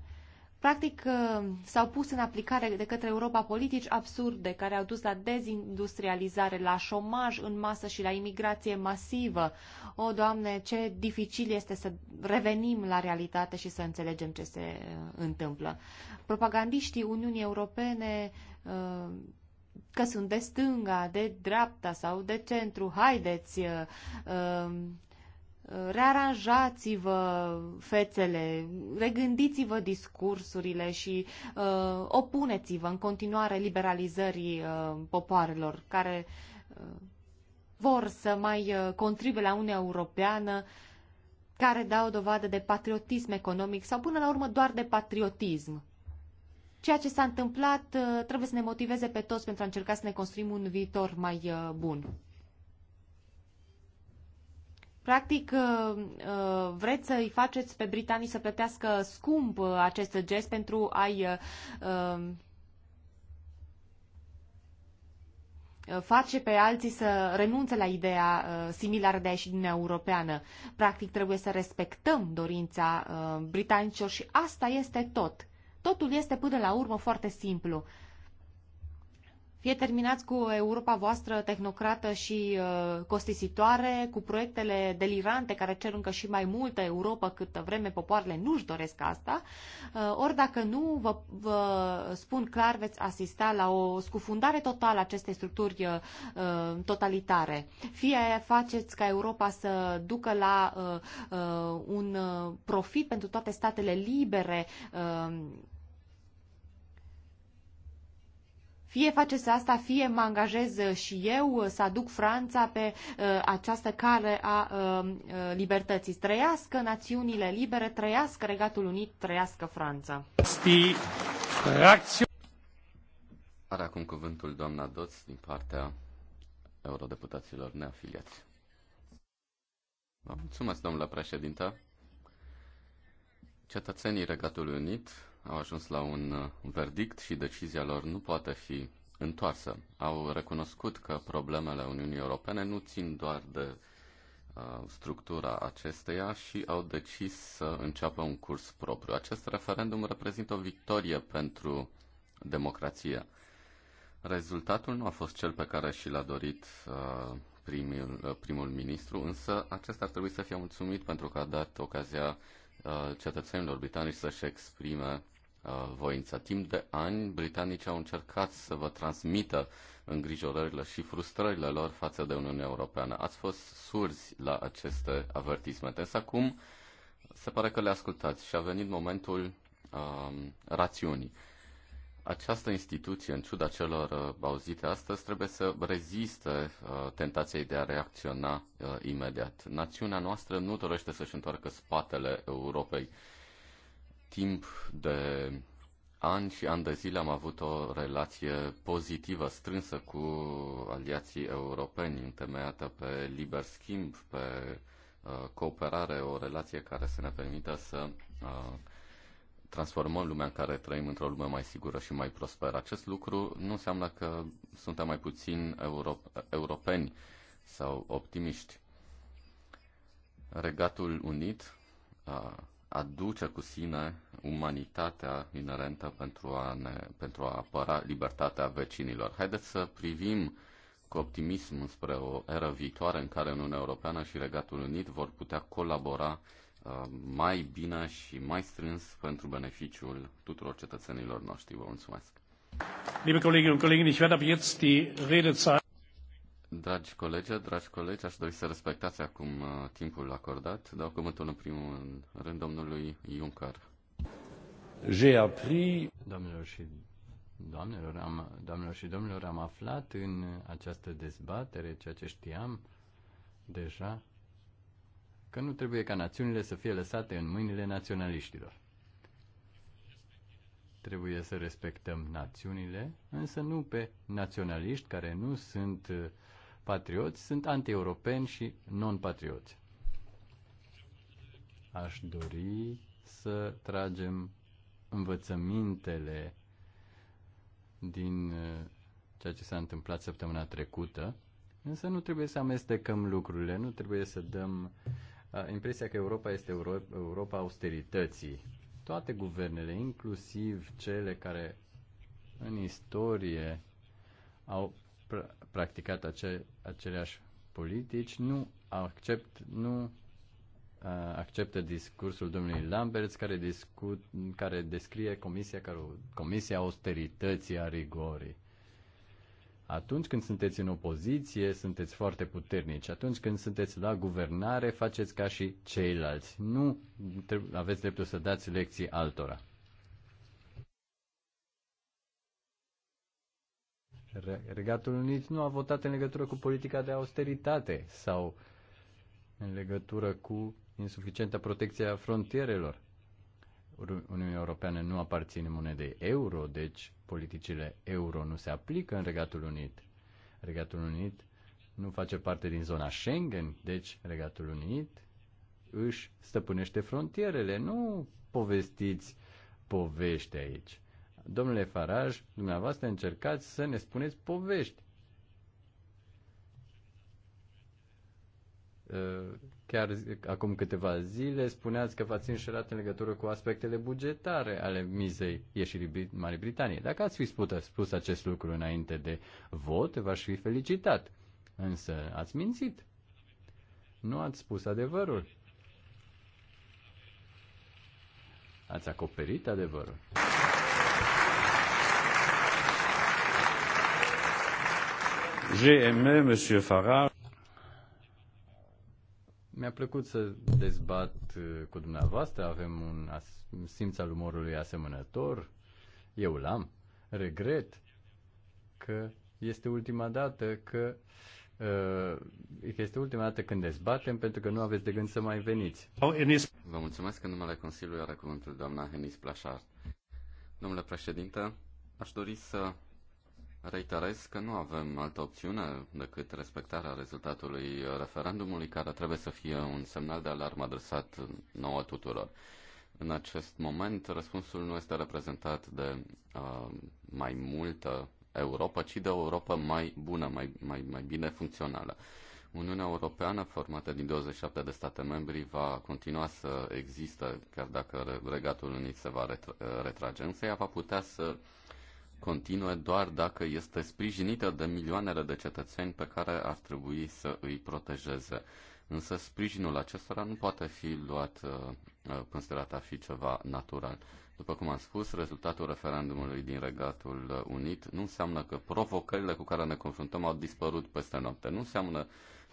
Practic, uh, s-au pus în aplicare de către Europa politici absurde care au dus la dezindustrializare, la șomaj în masă și la imigrație masivă. O, Doamne, ce dificil este să revenim la realitate și să înțelegem ce se uh, întâmplă. Propagandiștii Uniunii Europene uh, că sunt de stânga, de dreapta sau de centru, haideți, rearanjați-vă fețele, regândiți-vă discursurile și uh, opuneți-vă în continuare liberalizării uh, popoarelor care uh, vor să mai uh, contribuie la Uniunea Europeană care dau dovadă de patriotism economic sau până la urmă doar de patriotism. Ceea ce s-a întâmplat uh, trebuie să ne motiveze pe toți pentru a încerca să ne construim un viitor mai uh, bun. Practic, uh, uh, vreți să-i faceți pe britanii să plătească scump uh, acest gest pentru a-i face pe alții să renunțe la ideea similară de a ieși din Europeană. Practic, trebuie să respectăm dorința britanicilor și asta este tot. Totul este până la urmă foarte simplu. Fie terminați cu Europa voastră tehnocrată și uh, costisitoare, cu proiectele delirante care cer încă și mai multă Europa câtă vreme popoarele nu-și doresc asta, uh, ori dacă nu, vă, vă spun clar, veți asista la o scufundare totală a acestei structuri uh, totalitare. Fie faceți ca Europa să ducă la un profit pentru toate statele libere, Fie faceți asta, fie mă angajez uh, și eu uh, să aduc Franța pe uh, această cale a libertății. Trăiască națiunile libere, trăiască Regatul Unit, trăiască Franța. Are acum cuvântul doamna Doț din partea eurodeputaților neafiliați. Vă mulțumesc, domnule președinte. Cetățenii Regatului Unit au ajuns la uh, un verdict și decizia lor nu poate fi întoarsă. Au recunoscut că problemele Uniunii Europene nu țin doar de uh, structura acesteia și au decis să înceapă un curs propriu. Acest referendum reprezintă o victorie pentru democrație. Rezultatul nu a fost cel pe care și l-a dorit uh, primul, uh, primul ministru, însă acesta ar trebui să fie mulțumit pentru că a dat ocazia uh, cetățenilor britanici să-și exprime Uh, voință. Timp de ani, britanicii au încercat să vă transmită îngrijorările și frustrările lor față de Uniunea Europeană. Ați fost surzi la aceste avertismente. Însă acum se pare că le ascultați și a venit momentul um, rațiunii. Această instituție, în ciuda celor uh, auzite astăzi, trebuie să reziste uh, tentației de a reacționa uh, imediat. Națiunea noastră nu dorește să-și întoarcă spatele Europei. Uh, timp de ani și ani de zile am avut o relație pozitivă, strânsă cu aliații europeni, întemeiată pe liber schimb, pe uh, cooperare, o relație care să ne permită să uh, transformăm lumea în care trăim într-o lume mai sigură și mai prosperă. Acest lucru nu înseamnă că suntem mai puțin euro- europeni sau optimiști. Regatul Unit a uh, aduce cu sine umanitatea inerentă pentru a, ne, pentru a apăra libertatea vecinilor. Haideți să privim cu optimism spre o eră viitoare în care Uniunea Europeană și Regatul Unit vor putea colabora uh, mai bine și mai strâns pentru beneficiul tuturor cetățenilor noștri. Vă mulțumesc. Liebe Kolleginnen und Kollegen, ich werde ab jetzt die Redezeit Dragi colegi, dragi colegi, aș dori să respectați acum uh, timpul acordat. Dau cuvântul în primul rând domnului Juncker. J'ai appris... Domnilor și doamnelor, am, doamnelor și domnilor, am aflat în această dezbatere ceea ce știam deja, că nu trebuie ca națiunile să fie lăsate în mâinile naționaliștilor trebuie să respectăm națiunile, însă nu pe naționaliști care nu sunt uh, patrioți sunt anti-europeni și non-patrioți. Aș dori să tragem învățămintele din uh, ceea ce s-a întâmplat săptămâna trecută, însă nu trebuie să amestecăm lucrurile, nu trebuie să dăm uh, impresia că Europa este Europa austerității. Toate guvernele, inclusiv cele care în istorie au practicat ace- aceleași politici, nu accept, nu acceptă discursul domnului Lamberts care, discut, care descrie comisia, care, comisia austerității a rigorii. Atunci când sunteți în opoziție, sunteți foarte puternici. Atunci când sunteți la guvernare, faceți ca și ceilalți. Nu aveți dreptul să dați lecții altora. Regatul Unit nu a votat în legătură cu politica de austeritate sau în legătură cu insuficientă protecție a frontierelor. Uniunea Europeană nu aparține monedei euro, deci politicile euro nu se aplică în Regatul Unit. Regatul Unit nu face parte din zona Schengen, deci Regatul Unit își stăpânește frontierele. Nu povestiți povești aici. Domnule Faraj, dumneavoastră încercați să ne spuneți povești. Ă, chiar acum câteva zile spuneați că v-ați înșelat în legătură cu aspectele bugetare ale mizei ieșirii Marii Britanie. Dacă ați fi spus, spus acest lucru înainte de vot, v-aș fi felicitat. Însă ați mințit. Nu ați spus adevărul. Ați acoperit adevărul. J'ai aimé, Monsieur Farage. Mi-a plăcut să dezbat uh, cu dumneavoastră, avem un simț al umorului asemănător, eu l-am. Regret că este ultima dată că uh, că este ultima dată când dezbatem, pentru că nu aveți de gând să mai veniți. Vă mulțumesc în numele Consiliului are cuvântul doamna Henis Plașar. Domnule președinte, aș dori să reiterez că nu avem altă opțiune decât respectarea rezultatului referendumului, care trebuie să fie un semnal de alarmă adresat nouă tuturor. În acest moment, răspunsul nu este reprezentat de uh, mai multă Europa, ci de o Europa mai bună, mai, mai, mai bine funcțională. Uniunea Europeană, formată din 27 de state membri, va continua să existe, chiar dacă Regatul Unit se va retrage, însă ea va putea să continue doar dacă este sprijinită de milioanele de cetățeni pe care ar trebui să îi protejeze. Însă sprijinul acestora nu poate fi luat uh, uh, considerat a fi ceva natural. După cum am spus, rezultatul referendumului din Regatul Unit nu înseamnă că provocările cu care ne confruntăm au dispărut peste noapte. Nu înseamnă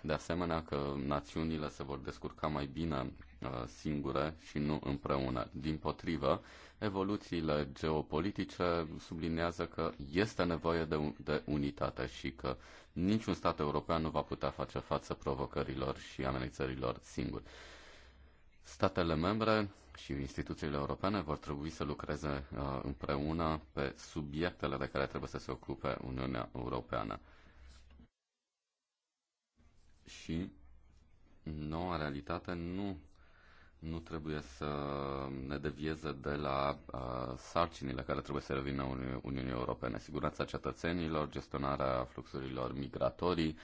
de asemenea că națiunile se vor descurca mai bine uh, singure și nu împreună. Din potrivă, evoluțiile geopolitice subliniază că este nevoie de, de unitate și că niciun stat european nu va putea face față provocărilor și amenințărilor singur. Statele membre și instituțiile europene vor trebui să lucreze uh, împreună pe subiectele de care trebuie să se ocupe Uniunea Europeană și noua realitate nu, nu trebuie să ne devieze de la uh, sarcinile care trebuie să revină Uni- Uniunii Europene. Siguranța cetățenilor, gestionarea fluxurilor migratorii,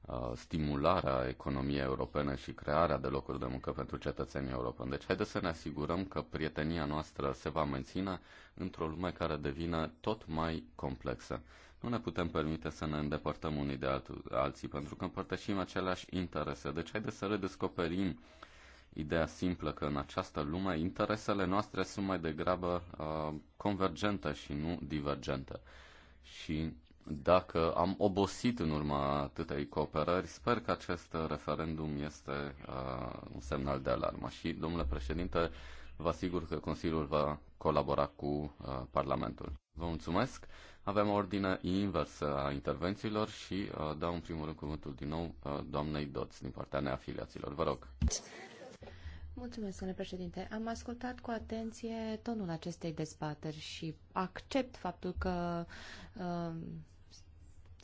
uh, stimularea economiei europene și crearea de locuri de muncă pentru cetățenii europeni. Deci haideți să ne asigurăm că prietenia noastră se va menține într-o lume care devine tot mai complexă. Nu ne putem permite să ne îndepărtăm unii de altul, alții, pentru că împărtășim aceleași interese. Deci haide să redescoperim ideea simplă că în această lume interesele noastre sunt mai degrabă uh, convergente și nu divergente. Și dacă am obosit în urma atâtei cooperări, sper că acest referendum este uh, un semnal de alarmă. Și, domnule președinte, vă asigur că Consiliul va colabora cu uh, Parlamentul. Vă mulțumesc! Avem ordine inversă a intervențiilor și uh, dau în primul rând cuvântul din nou uh, doamnei Doț din partea neafiliaților. Vă rog. Mulțumesc, domnule președinte. Am ascultat cu atenție tonul acestei dezbateri și accept faptul că uh,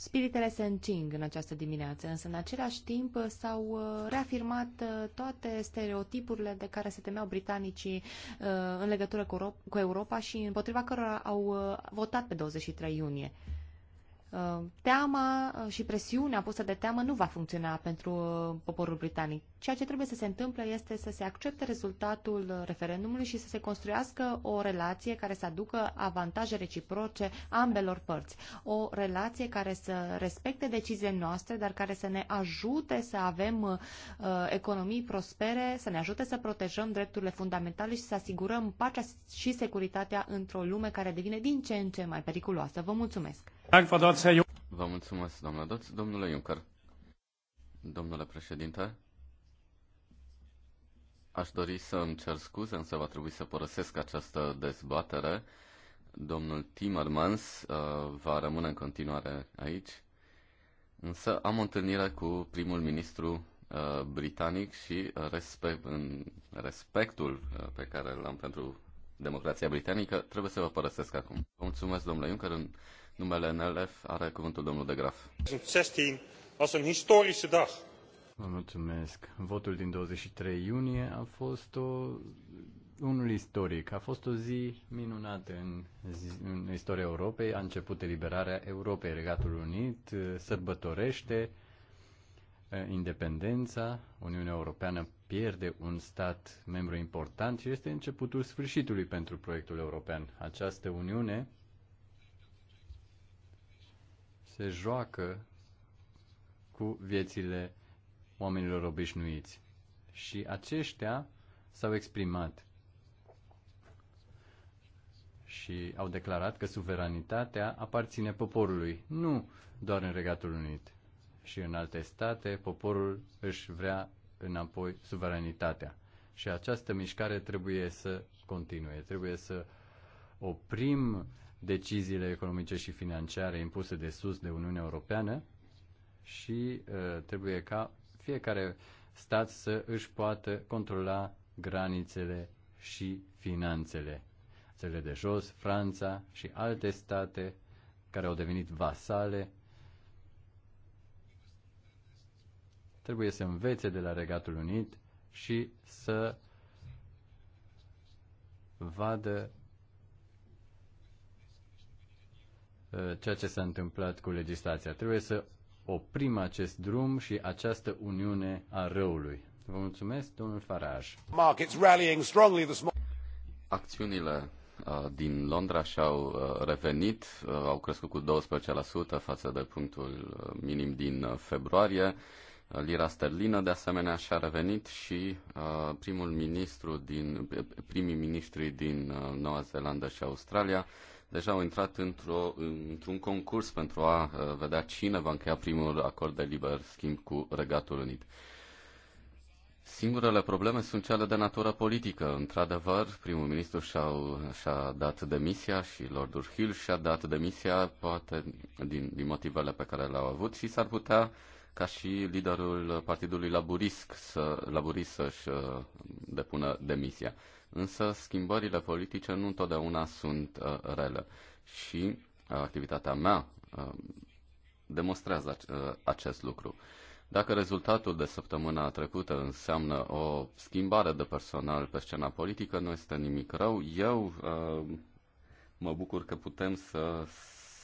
Spiritele se încing în această dimineață, însă în același timp s-au uh, reafirmat uh, toate stereotipurile de care se temeau britanicii uh, în legătură cu Europa și împotriva cărora au votat pe 23 iunie. Uh, teama uh, și presiunea pusă de teamă nu va funcționa pentru uh, poporul britanic. Ceea ce trebuie să se întâmple este să se accepte rezultatul referendumului și să se construiască o relație care să aducă avantaje reciproce ambelor părți. O relație care să respecte deciziile noastre, dar care să ne ajute să avem uh, economii prospere, să ne ajute să protejăm drepturile fundamentale și să asigurăm pacea și securitatea într-o lume care devine din ce în ce mai periculoasă. Vă mulțumesc! Vă mulțumesc, doamna Doț. Domnule Juncker, domnule președinte, aș dori să îmi cer scuze, însă va trebui să părăsesc această dezbatere. Domnul Timmermans uh, va rămâne în continuare aici, însă am o întâlnire cu primul ministru uh, britanic și respect, în respectul uh, pe care l-am pentru democrația britanică, trebuie să vă părăsesc acum. Vă mulțumesc, domnule Juncker. În numele NLF are cuvântul domnul de Graf. 2016 was historische dag. Vă mulțumesc. Votul din 23 iunie a fost o, unul istoric. A fost o zi minunată în, în istoria Europei. A început eliberarea Europei. Regatul Unit uh, sărbătorește uh, independența. Uniunea Europeană pierde un stat membru important și este începutul sfârșitului pentru proiectul european. Această Uniune se joacă cu viețile oamenilor obișnuiți. Și aceștia s-au exprimat și au declarat că suveranitatea aparține poporului, nu doar în Regatul Unit. Și în alte state, poporul își vrea înapoi suveranitatea. Și această mișcare trebuie să continue, trebuie să oprim deciziile economice și financiare impuse de sus de Uniunea Europeană și uh, trebuie ca fiecare stat să își poată controla granițele și finanțele. Țările de jos, Franța și alte state care au devenit vasale trebuie să învețe de la Regatul Unit și să vadă Uh, ceea ce s-a întâmplat cu legislația. Trebuie să oprim acest drum și această uniune a răului. Vă mulțumesc, domnul Faraj. Acțiunile uh, din Londra și-au uh, revenit, au crescut cu 12% față de punctul minim din februarie. Lira sterlină, de asemenea, și-a revenit și primul ministru din, primii ministri din Noua Zeelandă și Australia deja au intrat într-o, într-un concurs pentru a uh, vedea cine va încheia primul acord de liber schimb cu Regatul Unit. Singurele probleme sunt cele de natură politică. Într-adevăr, primul ministru și-a, și-a dat demisia și Lordul Hill și-a dat demisia, poate din, din motivele pe care le-au avut, și s-ar putea ca și liderul partidului Laburist să, Laburist să-și uh, depună demisia însă schimbările politice nu întotdeauna sunt uh, rele. Și uh, activitatea mea uh, demonstrează uh, acest lucru. Dacă rezultatul de săptămâna trecută înseamnă o schimbare de personal pe scena politică, nu este nimic rău. Eu uh, mă bucur că putem să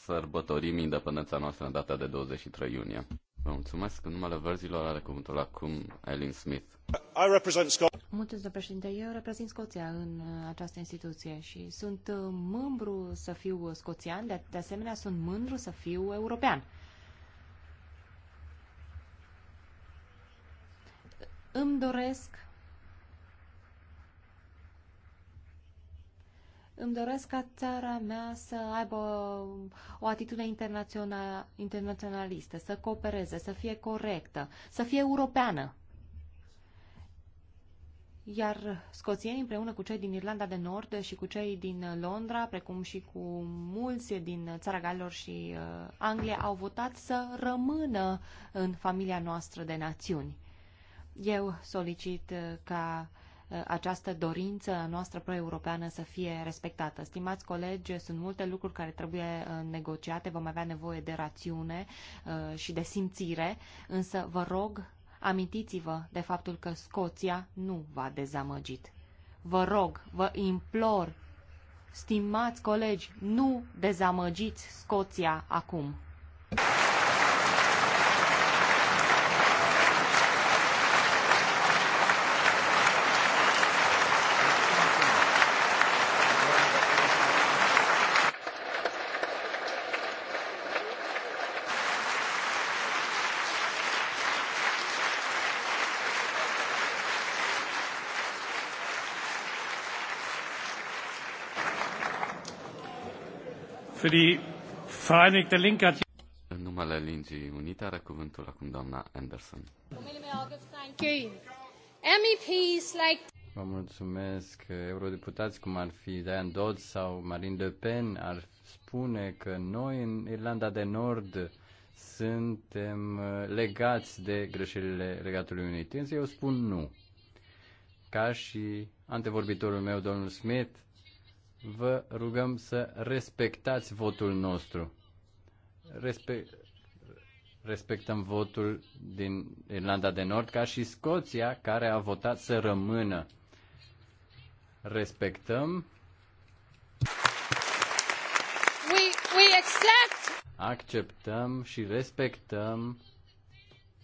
sărbătorim independența noastră în data de 23 iunie. Vă mulțumesc. În numele verzilor are cuvântul acum Eileen Smith. I represent Scotland. Mulțumesc, domnule președinte. Eu reprezint Scoția în această instituție și sunt uh, mândru să fiu scoțian, de, de asemenea sunt mândru să fiu european. Îmi doresc Îmi doresc ca țara mea să aibă o atitudine internațional, internaționalistă, să coopereze, să fie corectă, să fie europeană. Iar scoțienii împreună cu cei din Irlanda de Nord și cu cei din Londra, precum și cu mulți din țara Galilor și uh, Anglia, au votat să rămână în familia noastră de națiuni. Eu solicit uh, ca uh, Uh, această dorință noastră pro-europeană să fie respectată. Stimați colegi, sunt multe lucruri care trebuie uh, negociate, vom avea nevoie de rațiune uh, și de simțire, însă vă rog, amintiți-vă de faptul că Scoția nu v-a dezamăgit. Vă rog, vă implor, stimați colegi, nu dezamăgiți Scoția acum. În numele Lingii Unite are cuvântul acum doamna Anderson. Vă mulțumesc. Eurodeputați cum ar fi Diane Dodds sau Marine Le Pen ar spune că noi în Irlanda de Nord suntem uh, legați de greșelile Regatului Unit. Însă eu spun nu. Ca și antevorbitorul meu, domnul Smith, vă rugăm să respectați votul nostru. Respe- respectăm votul din Irlanda de Nord ca și Scoția care a votat să rămână. Respectăm. We, we accept. Acceptăm și respectăm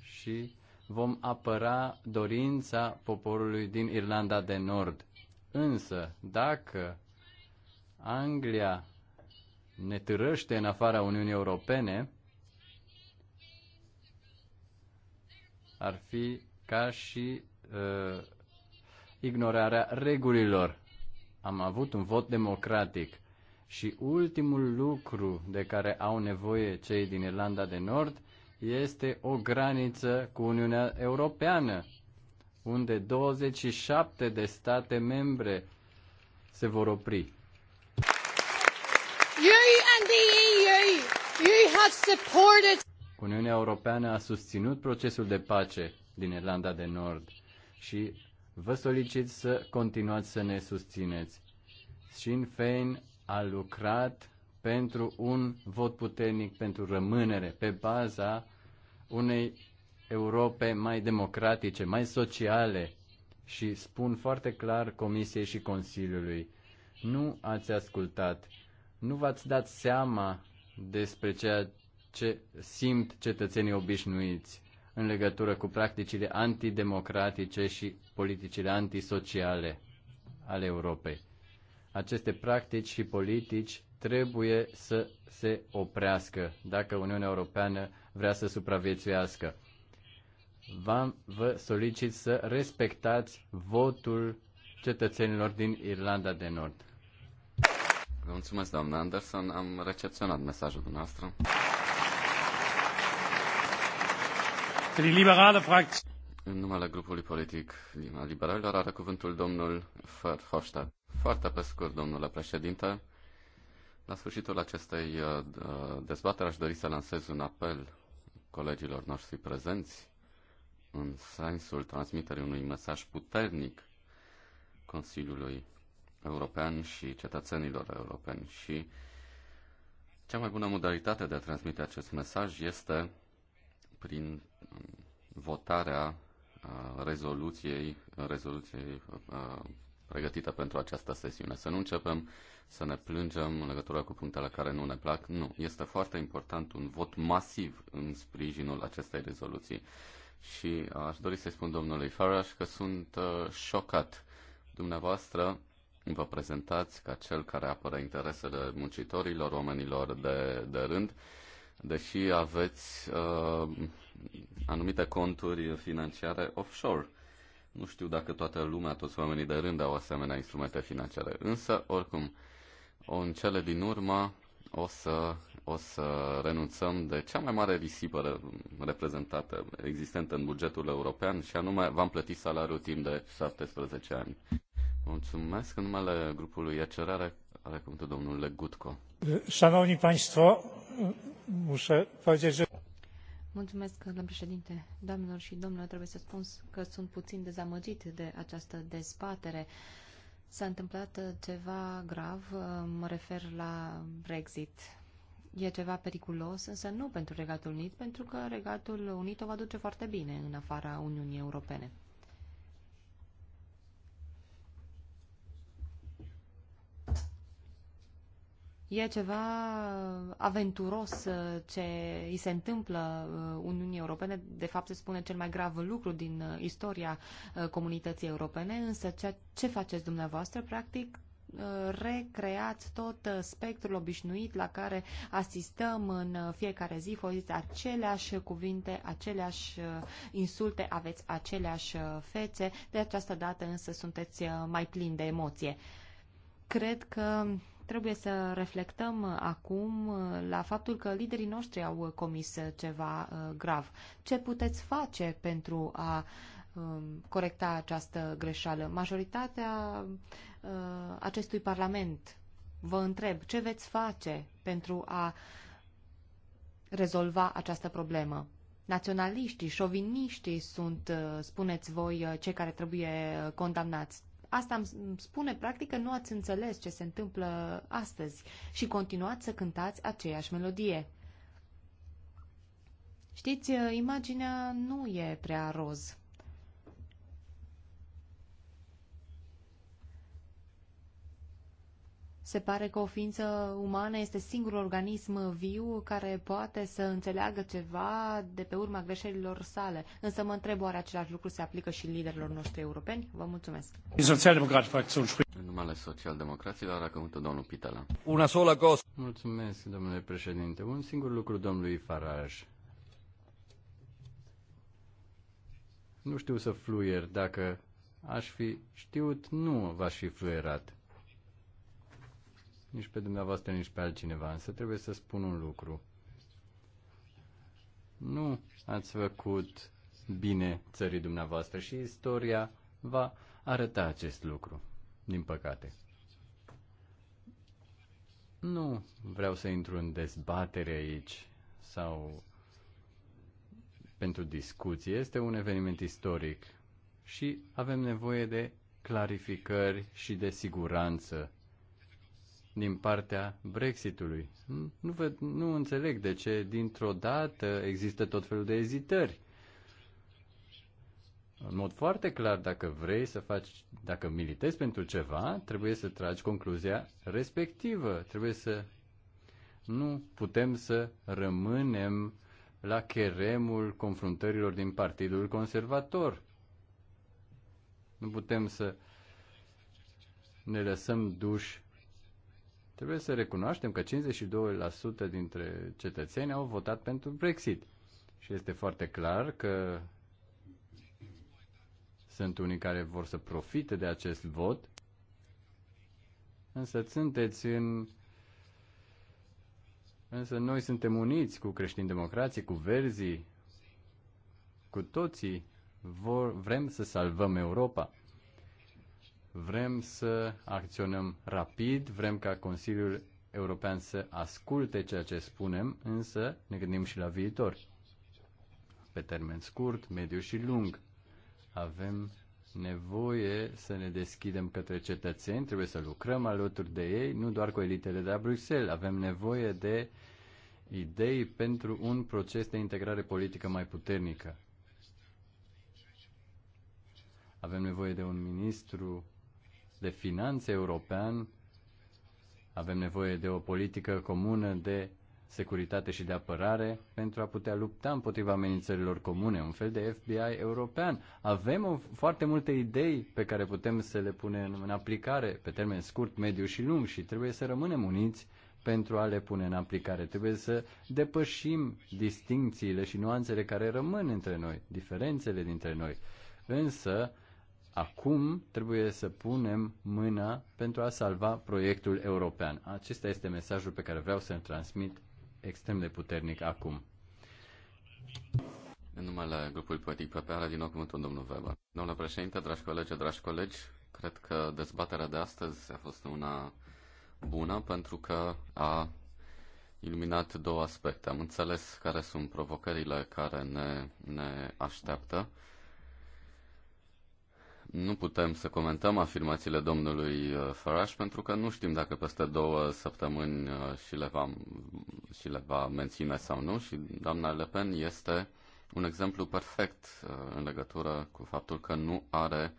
și vom apăra dorința poporului din Irlanda de Nord. Însă, dacă Anglia ne târăște în afara Uniunii Europene, ar fi ca și uh, ignorarea regulilor. Am avut un vot democratic și ultimul lucru de care au nevoie cei din Irlanda de Nord este o graniță cu Uniunea Europeană, unde 27 de state membre se vor opri. Uniunea Europeană a susținut procesul de pace din Irlanda de Nord și vă solicit să continuați să ne susțineți. Sinn Fein a lucrat pentru un vot puternic, pentru rămânere, pe baza unei Europe mai democratice, mai sociale și spun foarte clar Comisiei și Consiliului, nu ați ascultat, nu v-ați dat seama despre ceea ce simt cetățenii obișnuiți în legătură cu practicile antidemocratice și politicile antisociale ale Europei. Aceste practici și politici trebuie să se oprească dacă Uniunea Europeană vrea să supraviețuiască. V-am, vă solicit să respectați votul cetățenilor din Irlanda de Nord. Vă mulțumesc, doamna Anderson. Am recepționat mesajul dumneavoastră. În numele grupului politic a liberalilor are cuvântul domnul Verhofstadt. Foarte pe scurt, domnule președinte, la sfârșitul acestei uh, dezbatere aș dori să lansez un apel colegilor noștri prezenți în sensul transmiterii unui mesaj puternic Consiliului european și cetățenilor europeni. Și cea mai bună modalitate de a transmite acest mesaj este prin um, votarea uh, rezoluției, rezoluției uh, pregătită pentru această sesiune. Să nu începem să ne plângem în legătură cu punctele care nu ne plac. Nu, este foarte important un vot masiv în sprijinul acestei rezoluții. Și aș dori să-i spun domnului Farage că sunt uh, șocat. Dumneavoastră vă prezentați ca cel care apără interesele muncitorilor, oamenilor de, de rând, deși aveți uh, anumite conturi financiare offshore. Nu știu dacă toată lumea, toți oamenii de rând au asemenea instrumente financiare, însă, oricum, în cele din urmă o să, o să renunțăm de cea mai mare risipă reprezentată, existentă în bugetul european, și anume v-am plătit salariul timp de 17 ani. Mulțumesc. În numele grupului ECR are, cuvântul domnul Legutco. Șanovni Państwo, muszę powiedzieć, że... Mulțumesc, domnule președinte. Doamnelor și domnilor, trebuie să spun că sunt puțin dezamăgit de această dezbatere. S-a întâmplat ceva grav, mă refer la Brexit. E ceva periculos, însă nu pentru Regatul Unit, pentru că Regatul Unit o va duce foarte bine în afara Uniunii Europene. E ceva aventuros uh, ce îi se întâmplă uh, Uniunii Europene. De fapt, se spune cel mai grav lucru din uh, istoria comunității europene, însă ce faceți dumneavoastră, practic, recreați tot spectrul obișnuit la care asistăm în fiecare zi, folosiți aceleași cuvinte, aceleași insulte, aveți aceleași fețe, de această dată însă sunteți mai plini de emoție. Cred că Trebuie să reflectăm uh, acum uh, la faptul că liderii noștri au uh, comis ceva grav. Ce puteți face pentru a um, corecta această greșeală? Majoritatea acestui Parlament vă întreb ce veți face pentru a rezolva această problemă. Naționaliștii, șoviniștii sunt, spuneți voi, cei care trebuie condamnați. Asta îmi spune practic că nu ați înțeles ce se întâmplă astăzi și continuați să cântați aceeași melodie. Știți, uh, imaginea nu e prea roz. Se pare că o ființă umană este singurul organism viu care poate să înțeleagă ceva de pe urma greșelilor sale. Însă mă întreb oare același lucru se aplică și liderilor noștri europeni? Vă mulțumesc. În numele socialdemocraților a cuvântul domnul Pitala. Una sola cosa. Mulțumesc, domnule președinte. Un singur lucru domnului Faraj. Nu știu să fluier. Dacă aș fi știut, nu v-aș fi fluierat nici pe dumneavoastră, nici pe altcineva, însă trebuie să spun un lucru. Nu ați făcut bine țării dumneavoastră și istoria va arăta acest lucru, din păcate. Nu vreau să intru în dezbatere aici sau pentru discuție. Este un eveniment istoric și avem nevoie de clarificări și de siguranță din partea Brexitului. Nu, vă, nu înțeleg de ce dintr-o dată există tot felul de ezitări. În mod foarte clar, dacă vrei să faci, dacă militezi pentru ceva, trebuie să tragi concluzia respectivă. Trebuie să nu putem să rămânem la cheremul confruntărilor din Partidul Conservator. Nu putem să ne lăsăm duși Trebuie să recunoaștem că 52% dintre cetățeni au votat pentru Brexit. Și este foarte clar că sunt unii care vor să profite de acest vot, însă sunteți în Însă noi suntem uniți cu creștini democrații, cu verzii, cu toții vor, vrem să salvăm Europa. Vrem să acționăm rapid, vrem ca Consiliul European să asculte ceea ce spunem, însă ne gândim și la viitor. Pe termen scurt, mediu și lung. Avem nevoie să ne deschidem către cetățeni, trebuie să lucrăm alături de ei, nu doar cu elitele de la Bruxelles. Avem nevoie de idei pentru un proces de integrare politică mai puternică. Avem nevoie de un ministru de finanțe european, avem nevoie de o politică comună de securitate și de apărare pentru a putea lupta împotriva amenințărilor comune, un fel de FBI european. Avem o, foarte multe idei pe care putem să le punem în aplicare pe termen scurt, mediu și lung și trebuie să rămânem uniți pentru a le pune în aplicare. Trebuie să depășim distincțiile și nuanțele care rămân între noi, diferențele dintre noi. Însă, Acum trebuie să punem mâna pentru a salva proiectul european. Acesta este mesajul pe care vreau să-l transmit extrem de puternic acum. În numele grupului politic PP are din nou cuvântul domnul Weber. Domnule președinte, dragi colegi, dragi colegi, cred că dezbaterea de astăzi a fost una bună pentru că a iluminat două aspecte. Am înțeles care sunt provocările care ne, ne așteaptă nu putem să comentăm afirmațiile domnului uh, Farage pentru că nu știm dacă peste două săptămâni uh, și le va, și le va menține sau nu și doamna Le Pen este un exemplu perfect uh, în legătură cu faptul că nu are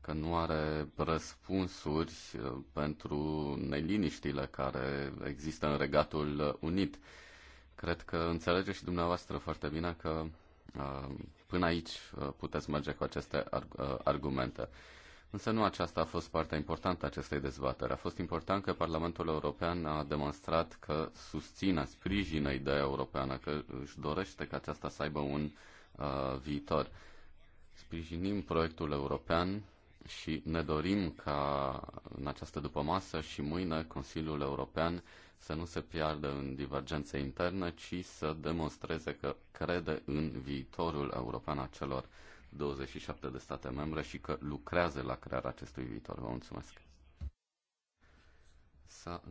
că nu are răspunsuri pentru neliniștile care există în Regatul Unit. Cred că înțelegeți și dumneavoastră foarte bine că Până aici uh, puteți merge cu aceste uh, argumente. Însă nu aceasta a fost partea importantă a acestei dezbateri. A fost important că Parlamentul European a demonstrat că susține, sprijină ideea europeană, că își dorește ca aceasta să aibă un uh, viitor. Sprijinim proiectul european și ne dorim ca în această dupămasă și mâine Consiliul European să nu se piardă în divergențe interne, ci să demonstreze că crede în viitorul european a celor 27 de state membre și că lucrează la crearea acestui viitor. Vă mulțumesc! S-a